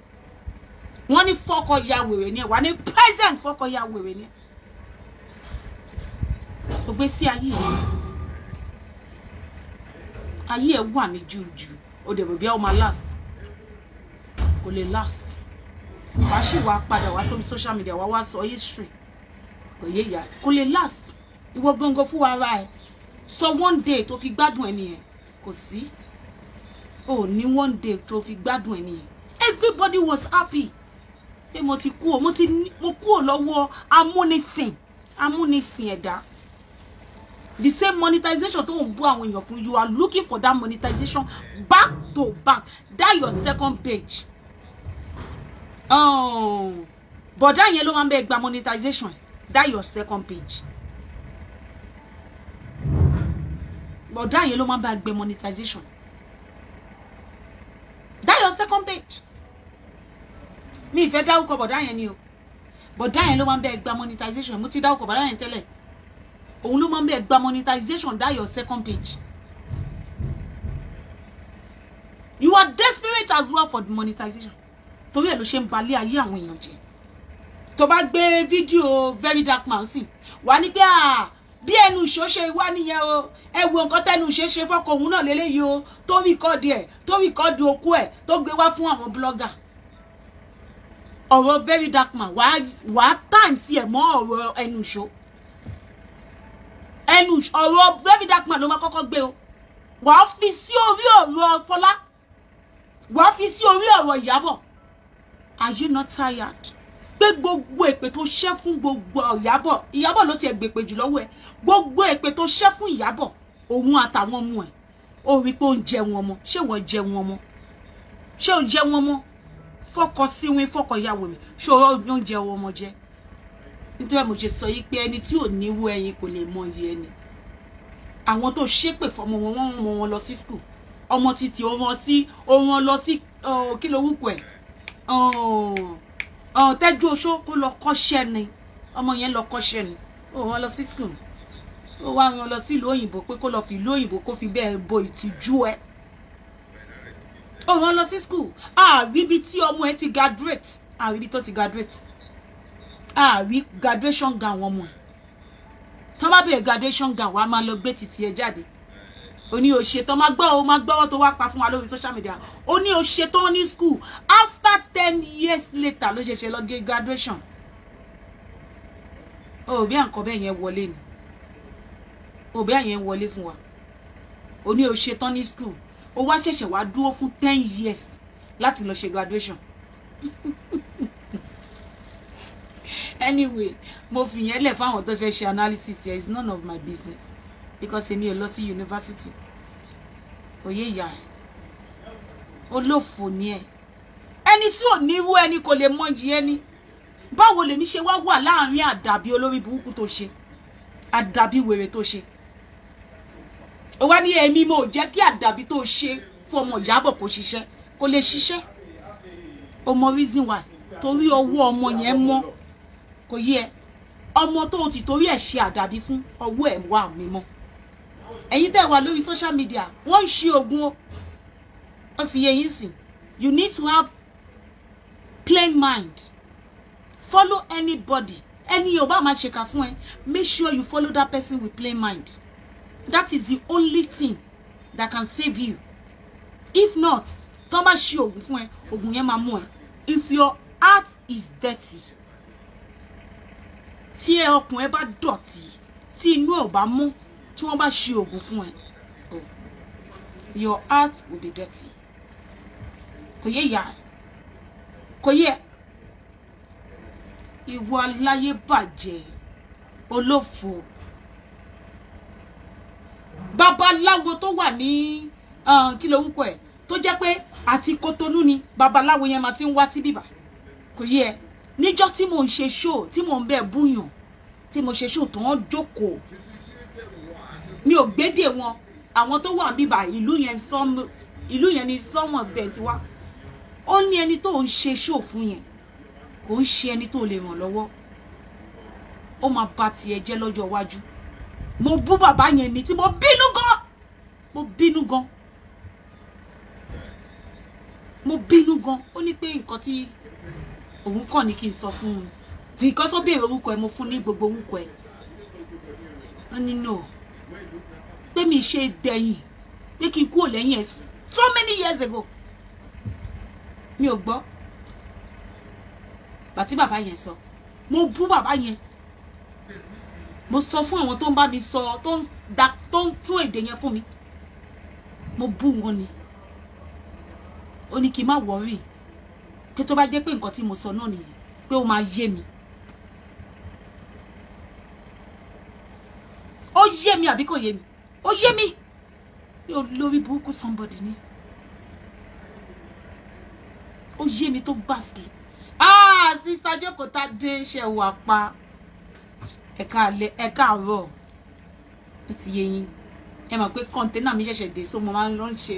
wọ́n ní fọkọ ya wèrè ni ẹ wà ní present fọkọ ya wèrè ni ẹ ògbésí ayé ẹ ayé ẹ wà ní jùjù O dẹ̀ bẹ̀ bí ó máa last kò lè last wàá sì wá padà wá sórí social media wá wá sọ history òye ìyá kò lè last ìwọ gangan fún wa ẹ So one day tó fi gbádùn ẹni yẹn kò sí ò ní one day tó fi gbádùn ẹni everybody was happy pé mo ti kú o mo ti mo kú o lọ́wọ́ amúnisìn amúnisìn ẹ̀dá the same monetization tó ń bú àwọn èèyàn you are looking for that monetization back to back that your second page oh, bọ̀dá yẹn ló máa ń bẹ gba monetization that your second page ọ̀dá yẹn ló máa bá be monetization that your second page mi ìfẹ́ dáwọ́kọ bọ̀dá yẹn ni o bọ̀dá yẹn ló máa bá be monetization but ti dáwọ́kọ bọ̀dá yẹn tẹ́lẹ̀ òun ló máa bá gba monetization that your second page you are desperate as well for the monetization torí ẹ̀ ló ṣe ń balẹ̀ ayé àwọn èèyàn jẹ́ To bá gbé video very dark man sí wà ní pé à bí ẹnu ìṣó ṣe wá nìyẹn o ẹ wo nǹkan tẹnu ìṣe ṣe fọkọ òun náà lélẹyìí o tó rìkọọdì ẹ tó rìkọọdì okú ẹ To gbé wá fun àwọn blogger ọ̀rọ̀ very dark man wàá wàá time sí ẹ mọ́ ọ̀rọ̀ Enu ìṣó ẹnu ọ̀rọ̀ very dark man ló máa kọ́kọ́ gbé o wàá fi sí orí ọ̀rọ̀ Fọlá wàá fi sí orí ọ̀rọ̀ Ìyábọ̀ are you not tired pé gbogbo èpè tó ṣẹ́ fún gbogbo ìyábọ̀ ìyábọ̀ ló tiẹ̀ gbèpè jù lọ́wọ́ ẹ̀ gbogbo èpè tó ṣẹ́ fún ìyábọ̀ òun àtàwọn ọmọ ẹ̀ ó rí pé ó ń jẹ wọn mọ ṣé wọ́n jẹ wọn mọ ṣé ó jẹ wọn mọ fọkọ síwìn fọkọ ìyàwó mi ṣé ó ń jẹ wọn mọ jẹ nítorí mo ṣe sọ yìí pé ẹni tí ò níwú ẹyin kò lè mọ iye ẹni àwọn tó ṣépè fọmọ wọn wọ́n mọ wọn lọ sí skul ọmọ títí ó wọn sí ó wọn lọ sí oh, kí ló wù kọ ẹ ọ̀hún oh, tẹ́jú oṣó kó lọ kọ́ṣẹ́ ni ọmọ yẹn lọ kọ́ṣẹ́ ni ó wọn lọ sí school ó wá wọn lọ sí ìlú òyìnbó pé kó lọ fi ìlú òyìnbó kó fi bẹ́ẹ̀ bo ìtìjú ẹ ó wọn lọ sí school àbí ibi tí ọmọ ẹ ti graduate àbí ibi tó ti graduate àbí graduation gown ọmọ ẹ tó bá bẹ̀rẹ̀ graduation gown wàá máa lọ gbé títí ẹ jáde ó ní o ṣetán máa gbọ́ o máa gbọ́wọ́ tó wá pa fún wa lórí social media ó ní o ṣetán ní school after ten years later ló ṣẹ̀ṣẹ̀ lọ gé graduation o ò bí àǹkọ́ bẹ́ẹ̀ yẹn wọlé ni o ò bí àyẹn wọlé fún wa ó ní o ṣetán ní school ó wá ṣẹ̀ṣẹ̀ wá dúró fún ten years láti lọ ṣe graduation [LAUGHS] anyway mo fìyẹn lẹ̀ fáwọn tó fẹ́ ṣe analysis here it's none of my business because èmi ò lọ sí yunifásitì òye ìyá ẹ olófò ni ẹ ẹni tí ò níwú ẹni kò lè mọyì ẹni báwo lèmi ṣe wá wà láàrin àdàbí olórí burúkú tó ṣe àdàbí wèrè tó ṣe ó wá ní èmi mo jẹ́ kí to tó ṣe fọmọ ìyábọ̀ kò ṣiṣẹ́ kò lè ṣiṣẹ́ o mọ reason why torí ọwọ́ ọmọ yẹn mọ́ kò yẹ ọmọ tó ti torí ẹ̀ ṣe àdàbí fún ọwọ́ ẹ̀ wà mímọ́ ẹ̀yin tẹ́ wà lórí social media wọ́n ń ṣe oògùn o wọ́n sì yẹ yín sìn you need to have plain mind follow anybody ẹni yóò bá máa ṣèkà fún ẹ make sure you follow that person with plain mind that is the only thing that can save you if not tó bá ṣe oògùn fún ẹ oògùn yẹn máa mú ẹ if your heart is dirty tí ẹ ọkàn ẹ bá dọ̀tí tí inú ẹ ò bá mọ́ tí wọ́n bá ṣe oògùn fún ẹ oh, your heart will be dirty kò yé ìyá kò yé ìwọ aláyé bàjẹ́ olófò babaláwo tó wà ní kí ló wúkọ ẹ tó jẹ́ pé àti Kotonu ni babaláwo yẹn máa ti ń wá sí bíbà kò yé ẹ níjọ́ tí mò ń ṣe ṣó tí mò ń bẹ búyàn tí mo ṣe ṣó tó ń jókòó mi ò gbédè wọn àwọn tó wà bíbà ìlú yẹn some ìlú yẹn ni some of them ti wá ó ní ẹni tó ń ṣe show fún yẹn kò ń ṣe ẹni tó lè ràn lọ́wọ́ ó máa bà tiẹ̀ jẹ́ lọ́jọ́ iwájú mo bú bàbá yẹn ni tí mo bínú gan mo bínú gan mo bínú gan ó ní pé nǹkan tí òun kàn ní kí n sọ fún un nǹkan tó béèrè orúkọ ẹ mo fún ní gbogbo orúkọ ẹ ó ní no pé mi ṣe dẹ̀yìn pé kí n kúrò lẹ́yìn ẹ̀ so many years ago mi ò gbọ́ bàtí bàbá yẹn sọ mo bú bàbá yẹn mo sọ fún àwọn tó ń bá mi sọ tó ń da tó ń tún èdè yẹn fún mi mo bú wọn ni ó ní kí n má wọrí pé tó bá jẹ́ pé nǹkan tí mo sọ náà nìyẹn pé ó máa yé mi yé mi àbí kò yé mi ó yé mi yóò burúkú somebody ni ó yé mi tó gbàsì ah sista jókòtá dé ṣe wà pa ẹ̀ka alẹ́ ẹ̀ka àárọ̀ ó ti yé yín ẹ mọ̀ pé kọ́ńténà mi ṣẹ̀ṣẹ̀ dé so mo máa ń lọ ṣe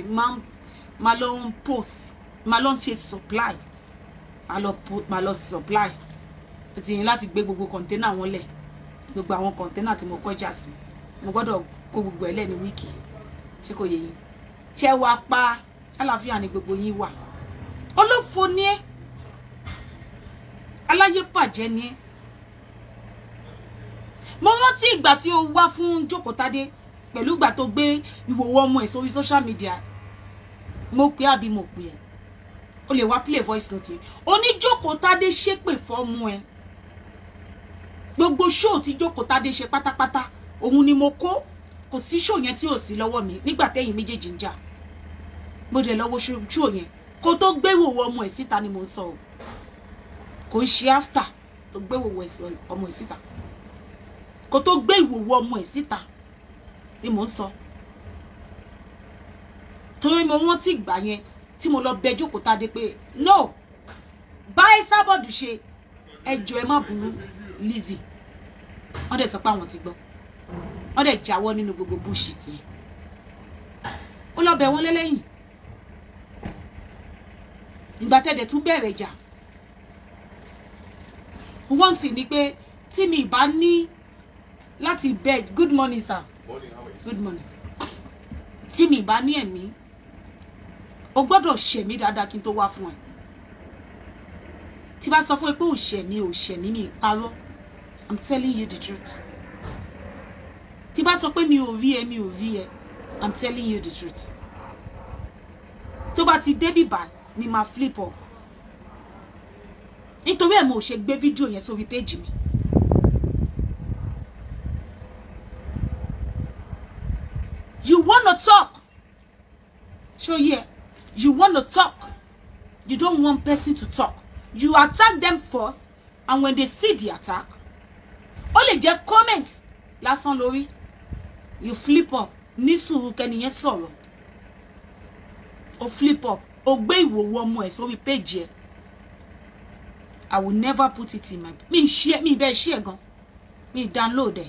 máa lọ ń post máa lọ ṣe supply máa lọ supply ó ti yín láti gbé gbogbo kọ́ńténà wọn lẹ̀ gbogbo àwọn kọ́ńténà tí mo kọjá sí mo gbọ́dọ̀ kó gbogbo ẹ̀ lẹ́nu wíìkì ṣé kò yẹ yín ṣé wàá pa ṣàlàfíà ni gbogbo yín wà olófo ni ẹ́ aláyé bàjẹ́ ni ẹ́ mo rántí ìgbà tí o wá fún jókòtádé pẹ̀lú ìgbà tó gbé ìwòwò ọmọ ẹ̀ sórí social media mo pè é àbí mo pè é o lè wá play voice note yẹn oníjókòtádé ṣépè fọ́mú ẹ gbogbo show tí jókòtádé ṣe pátápátá òun ni mo kó kò sí ṣó yẹn tí ò sí lọ́wọ́ mi nígbà tẹ́yìn méjèèjì ń jà mo dẹ̀ lọ́wọ́ ṣó yẹn kó tó gbéwòwò ọmọ ẹ̀ síta ni mo ń sọ o kò ń ṣe áfítà tó gbéwòwò ọmọ ẹ̀ síta kó tó gbé ìwòwò ọmọ ẹ̀ síta ni mo ń sọ torí mo wọ́n ti gbà yẹn tí mo lọ bẹ jókòó dé pé no báyìí sábọ̀dù ṣe ẹjọ́ ẹ má burú Lizzy wọ́n dẹ̀ sọ pé àwọn ti gbọ́ wọ́n dẹ̀ jáwọ́ nínú gbogbo búùṣì tiẹ̀ ó lọ bẹ̀ wọ́n lẹ́lẹ́yìn ìgbà tẹ̀dẹ̀ tún bẹ̀rẹ̀ jà wọ́n sì ní pé tí mi bá ní láti beg good morning sir morning, good morning tí mi bá ní ẹ̀mí o gbọ́dọ̀ ṣẹ̀mí dáadáa kí n tó wá fún ẹ tí bá sọ fún ẹ pé ò ṣẹ̀mí ò ṣẹ̀mí mi parọ́ i'm telling you the truth tí bá sọ pé mi ò rí ẹ mi ò rí ẹ i'm telling you the truth tó bá ti débì bá ni màá flip up nítorí ẹ̀ mo ò ṣe gbé fídíò so sórí péjì mi you wanna talk ṣó yeah. you wanna talk you don't want person to talk you attack them first and when they see the attack ó lè jẹ́ comment lásán Lori you flip up ní sùúrù kẹ́niyẹn sọ̀rọ̀ o flip up o gbé ìwòwò ọmọ ẹ̀ sórí péjì ẹ̀ I will never put it in my mi share mi bẹ́ẹ̀ share gan mi download ẹ̀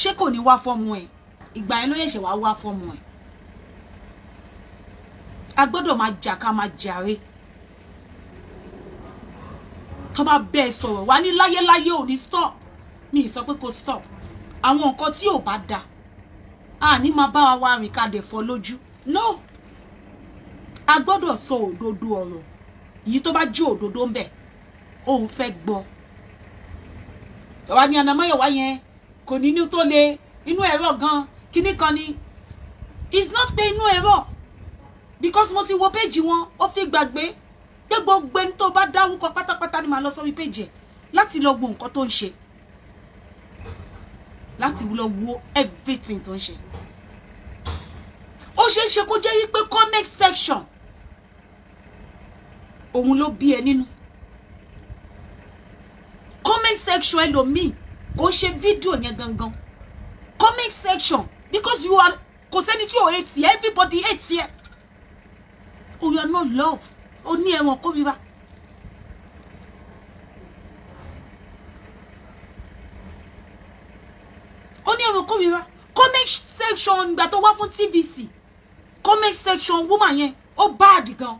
ṣé kò ní wá fọ́ọ̀mù ẹ̀ ìgbà yẹn ló yẹ̀ṣẹ̀ wá wá fọ́ọ̀mù ẹ̀ a gbọ́dọ̀ máa jà ká máa jàre tó bá bẹ́ẹ̀ sọ̀rọ̀ wá ní láyéláyé ò ní stop mi sọ pé kò stop àwọn nǹkan tí ò bá da a ní máa bá wa rìn kadẹ̀ fọ́ lójú no a gbọ́dọ̀ sọ òdodo ọ̀rọ̀ yìí tó bá jẹ́ òdodo ń bẹ̀ òun fẹ́ gbọ́ wá ní anamáyọ̀wá yẹn kò ní inú tó le inú ẹ̀rọ gan kíní kan ni it's not pé inú ẹ̀rọ because mo ti wo péjì wọn ó fi gbàgbé pé gbogbo ẹni tó bá dárúkọ pátápátá ni màá lọ sórí péjì ẹ̀ láti lọ wo nǹkan tó ń ṣe láti lọ wo everything tó ń ṣe ó ṣe é ṣe kó jẹ́ wípé comment section òun ló bí ẹ nínú comment section ẹlòmíì kò ṣe fídíò yẹn gangan comment section because you are kò sẹ́ni tí ò hate everybody hate ẹ oh you are not loved Oni ní ẹ̀wọ̀n kó fi wá. ó ní ẹ̀wọ̀n kó fi wá comment section ìgbà tó wá fún TVC comment section woman yẹn ó bad gan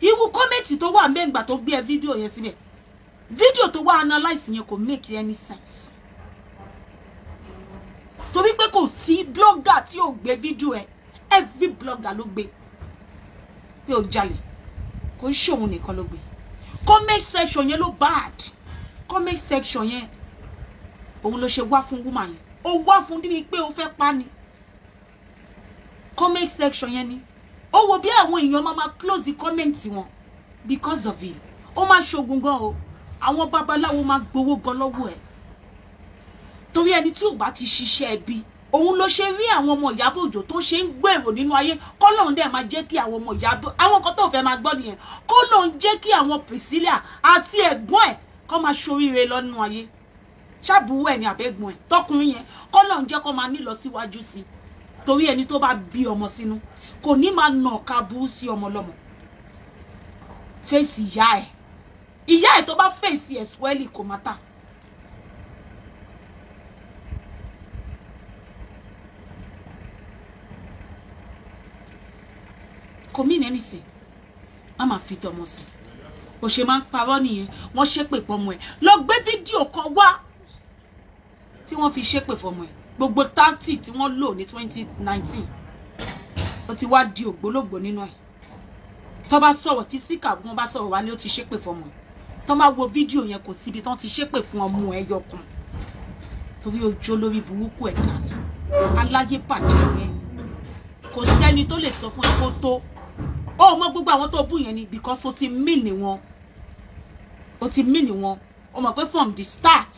irú kọ́mẹ̀tì tó wà ńbẹ̀ ìgbà tó gbé ẹ fídíò yẹn síbẹ̀ fídíò tó wà analyse yẹn kò make any sense torí pé kò sí blogger tí ò gbé fídíò ẹ every blogger ló gbé pé ó jalè kò ń ṣòun nìkan ló gbé comment section yẹn ló bad comment section yẹn òun ló ṣe wá fún woman yẹn ó wá fún díbi pé ó fẹ́ pa ni comment section yẹn ni ó wo bí àwọn èèyàn máa máa close the comment wọn because of it ó máa ṣoògùn gan o àwọn babaláwo máa gbowó gan lọ́wọ́ ẹ̀ torí ẹni tí ò bá ti ṣiṣẹ́ ẹbí òun ló ṣe rí àwọn ọmọ Ìyábọ̀ Òjó tó ṣe ń gbèrò nínú ayé kọ́lọ́run dẹ̀ máa jẹ́ kí àwọn ọmọ Ìyábọ̀ àwọn nǹkan tó fẹ́ máa gbọ́ nìyẹn kọ́lọ́run jẹ́ kí àwọn Priscilla àti ẹ̀gbọ́n ẹ̀ kọ́ máa ṣoríire lọ́nú ayé ṣàbùwọ̀ ẹ̀ ní àbẹ́gbọ́n ẹ̀ tọkùnrin yẹn kọ́lọ́run jẹ́ kó máa nílọ síwájú sí i torí ẹni tó bá bí ọmọ sínú kò ní máa nà ká burú sí ọmọ lọ́mọ fèsì ìyá ẹ̀ ìyá ẹ̀ tó bá fèsì ẹ̀ swẹ́lì kò má ta kò mean anything má máa fi tọmọ sí bó ṣe máa ń parọ́ nìyẹn wọ́n ṣépè fọmọ ẹ̀ lọ gbé fídíò kan wá tí wọ́n fi ṣépè fọmọ ẹ̀ gbogbo táàtì tí wọ́n lò ní twenty nineteen ó ti wá di ògbólógbò nínú ẹ̀ tó bá sọ̀rọ̀ tí síkà wọn bá sọ̀rọ̀ wá ni ó ti ṣépè fọmọ ẹ̀ tó máa wo fídíò yẹn kò síbi tán ti ṣépè fún ọmọ ẹ̀ yọkùn torí ojó lórí burúkú ẹ̀ kàn aláyé bàjẹ́ yẹn kò sẹ́ni tó lè sọ fún ẹ kó tó ó mọ gbogbo àwọn tó bú yẹn ni because o ti mean ni wọn o ti mean ni wọn o mọ̀ pé from the start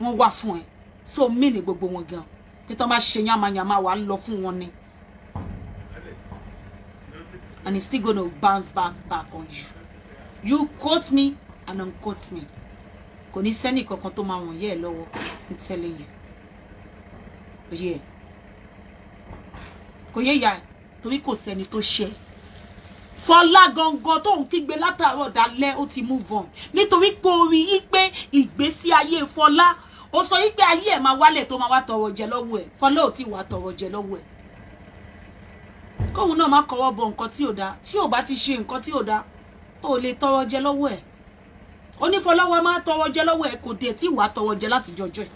wọ́n wà fún ẹ so mean ni gbogbo wọn gan pé tán bá ṣe yamayama wà á lọ fún wọn ni and it's still gonna bounce back back on you you quote me and unquote me kò ní sẹ́ni kankan tó máa wọ̀nyẹ́ ẹ̀ lọ́wọ́ I'm telling you òye ẹ̀ kò yé ìyá ẹ̀ torí kò sẹ́ni tó ṣe fọlá gangan tóun kígbe látàárọ̀ dalẹ́ ó ti move on nítorí pé orí yí pé ìgbésí ayé fọlá ó sọ yí pé ayé ẹ̀ máa wálẹ̀ tó máa wá tọrọ jẹ lọ́wọ́ ẹ̀ fọlá ò tí wàá tọrọ jẹ lọ́wọ́ ẹ̀ kóun náà má kọwọ́ bọ nǹkan tí ò dáa tí ò bá ti ṣe nǹkan tí ò dáa ó lè tọrọ jẹ lọ́wọ́ ẹ̀ onífọlọ́wọ́ máa tọrọ jẹ lọ́wọ́ ẹ̀ kò dé tí wàá tọrọ jẹ látijọ́jọ́ ẹ̀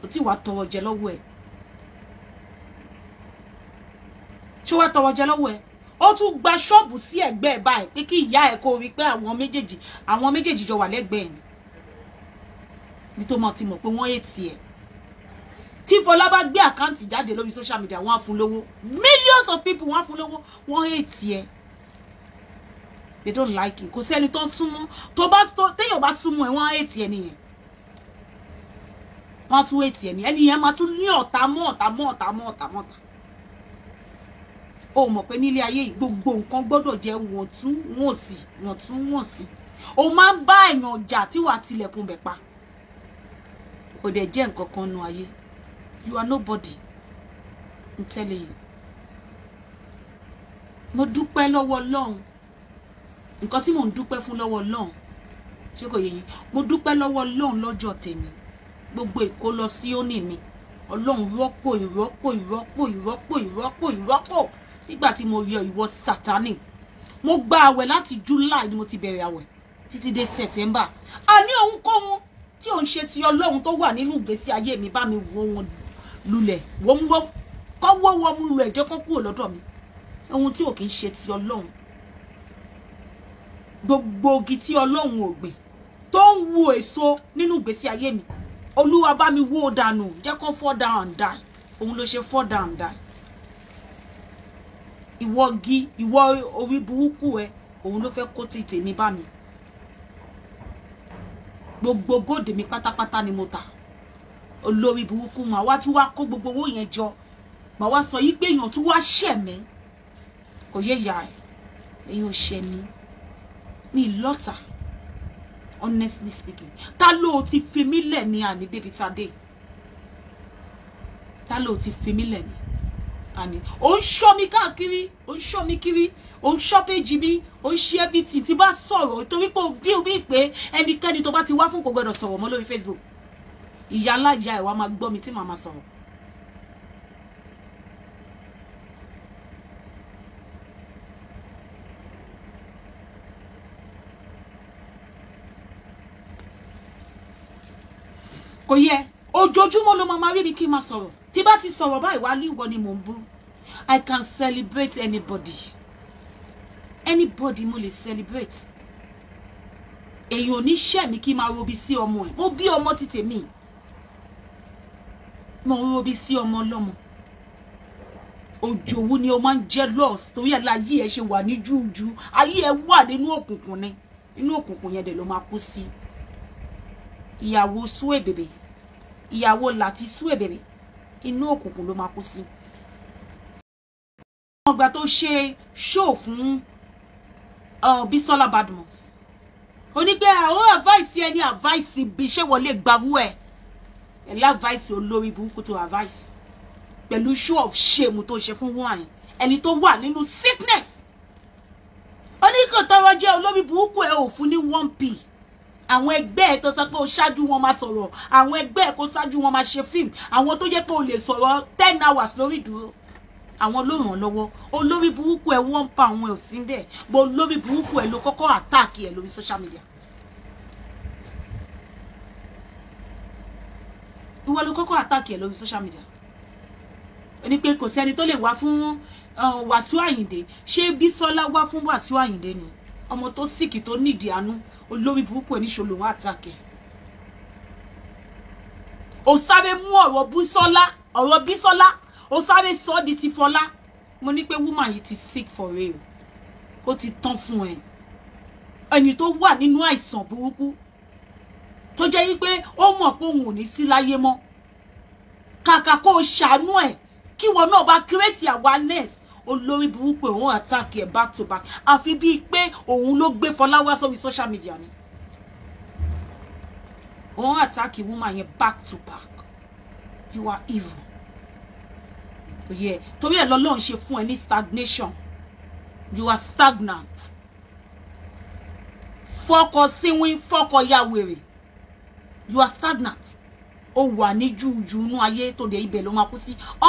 kò tí wàá tọrọ jẹ lọ́wọ́ ẹ̀ ṣé wàá tọrọ jẹ lọ́wọ́ ẹ ó tún gba ṣọ́ọ̀bù sí ẹ̀gbẹ́ ẹ̀ báyìí pé kí ìyá ẹ̀ kó rí pé àwọn méjèèjì àwọn méjèèjì jọ wà lẹ́gbẹ̀ẹ́ ni nítorí mo ti mọ̀ pé wọ́n ètì ẹ̀ tí Fọlá gbé àkáǹtì jáde lórí social media wọ́n á fún lówó millions of people wọ́n á fún lówó wọ́n ètì ẹ̀ they don't like it kò sí ẹni tó ń súnmọ́ tó bá tó téèyàn bá súnmọ́ ẹ̀ wọ́n á ètì ẹ̀ nìyẹn wọ́n á tún ètì ẹ̀ nìyẹn ẹni yẹn máa tún ní ọ̀tá mọ́ ọ̀tá mọ́ ọ̀tá mọ́ ọ̀tá mọ́ ọ̀tá o mọ̀ pé nílé ayé yìí gbogbo nǹkan gbọ́dọ̀ jẹ́ wọ̀ntúnwọ̀nsì wọ̀ntúnwọ̀nsì o máa ń bá èèyàn jà tí wàá tilẹ̀kùn bẹ̀ pa kò dẹ̀ jẹ́ nǹkan kan nu ayé you are nobody I'm telling you mo dúpẹ́ lọ́wọ́ ọlọ́run nǹkan tí mò ń dúpẹ́ fún lọ́wọ́ ọlọ́run ṣé kò yẹ yín mo dúpẹ́ lọ́wọ́ ọlọ́run lọ́jọ́ tèmi gbogbo èkó lọ sí òní mi ọlọ́run rọ́pò ìrọ́pò ìrọ́pò ìrọ́pò ìrọ́pò ìrọ́pò nígbà tí mo yọ ìwọ sátánì mo gba àwẹ̀ láti july ni mo ti bẹ̀rẹ̀ àwẹ̀ títí dé september a ní ohun kóhun tí òun ṣe ti ọlọ́run tó wà nínú ìgbésí ayé mi bá mi wo wọn lulẹ̀ wọ́n kọ́ wọ́ wọ́n mú lulẹ̀ jẹ́ kán kúrò lọ́dọ̀ mi ohun tí ò kì í ṣe ti ọlọ́run gbogbo ogi tí ọlọ́run ò gbìn tó ń wo èso nínú ìgbésí ayé mi olúwa bá mi wó dànù jẹ́ kán fall down and die òun ló ṣe fall down and die ìwọ gi ìwọ orí burúkú ẹ òun ló fẹ́ kó ti tèmi bá mi gbogbo góòdù mi pátápátá ni mo tà olórí burúkú mà wá tún wá kó gbogbo owó yẹn jọ mà wá sọ yí pé èèyàn tún wá ṣẹ̀ kò yé ìyá ẹ̀ èèyàn ò ṣẹ̀ mí honestly speaking ta ló ti fi mí lẹ̀ ní àní débi ta dé ta ló ti fi mí lẹ̀ ní àní ò ń ṣọ́ mi káàkiri ò ń ṣọ́ mi kiri ò ń ṣọ́ péjì mi ò ń ṣe everything tí bá sọ̀rọ̀ torí pé bí o bí pé ẹnikẹ́ni tó bá ti wá fún kò gbọdọ̀ sọ̀rọ̀ mọ́ lórí Facebook ìyá alájà ìwà máa gbọ́ mi tí màá máa sọ̀rọ̀. kò yẹ ojoojúmọ́ ló máa máa rí mi kí n máa sọ̀rọ̀ tí bá ti sọ̀rọ̀ báyìí wá líwọ ni mò ń i can celebrate anybody anybody mo lè celebrate èyí ò ní ṣẹ́ mi kí máa robi sí ọmọ ẹ̀ mo bi ọmọ ti mi. mo ń robi sí ọmọ ọlọ́mọ òjòwú ni o máa ń jẹ́ loss torí ẹ̀ láyé ẹ̀ ṣe wà ní júùjú ayé ẹ̀ wà nínú òkùnkùn ni inú òkùnkùn yẹn dẹ̀ ló máa kú sí ìyàwó súwèbèbè ìyàwó làti súwèbèbè inú òkùnkùn ló máa kú sí àwọn ìgbà tó ṣe ṣóò fún uh, Bísọ́lá Badmus ó ní pé àwọn advice ẹni advice bí ṣé wọlé gbawú ẹ ẹlẹ advice olórí burúkú tó advice pẹ̀lú show of shame tó ṣe fún wọn yẹn ẹni tó wà nínú sickness ó ní kò tọrọ jẹ olórí burúkú ẹ ò fún ní one p àwọn ẹgbẹ́ ẹ̀ tó sọ pé o ṣáájú wọn máa sọ̀rọ̀ àwọn ẹgbẹ́ ẹ̀ kó ṣáájú wọn máa ṣe fíìmù àwọn tó yẹ kó o lè sọ̀rọ̀ ten hours lórí dúró àwọn ló ràn lọ́wọ́ olórí burúkú ẹ̀ wọ́n ń pa àwọn ẹ̀ ò sí bẹ́ẹ̀ bó olórí burúkú ẹ̀ ló kọ́kọ́ àtáàkì ẹ̀ lórí social media. ìwọ ló kọ́kọ́ àtàkì ẹ̀ lórí social media ẹni pé kò sí ẹni tó lè wá fún Wàsíù Àyìndé ṣé Bísọ́lá wá fún Wàsíù Àyìndé ni ọmọ tó síkì tó nídìí àánú olórí burúkú ẹ̀ níṣòlò wọn àtàkẹ́ ó sáré mú ọ̀rọ̀ bísọ́lá ọ̀rọ̀ bísọ́lá ó sáré sọ ọ́ di ti fọlá mo ní pé woman yìí ti sick for real ó ti tán fún ẹ ẹni tó wà nínú àìsàn burúkú tó jẹ́ wípé ó mọ̀ pé òun ò ní sí láyé mọ́ kàkà kó o ṣàánú ẹ̀ kí wọn náà bá create awareness olórí burúkú òun attack ẹ̀ back to back àfi bíi pé òun ló gbé Fọláwá sórí social media ni òun attack woman yẹn back to back you are evil òye torí ẹ̀ lọ́lọ́run ṣe fún ẹ ní stagnation you are stagnant fọkọ síwín fọkọ ya wèrè you are stagnant ó wà ní júùjù inú ayé tó dé ibẹ̀ ló máa kú sí.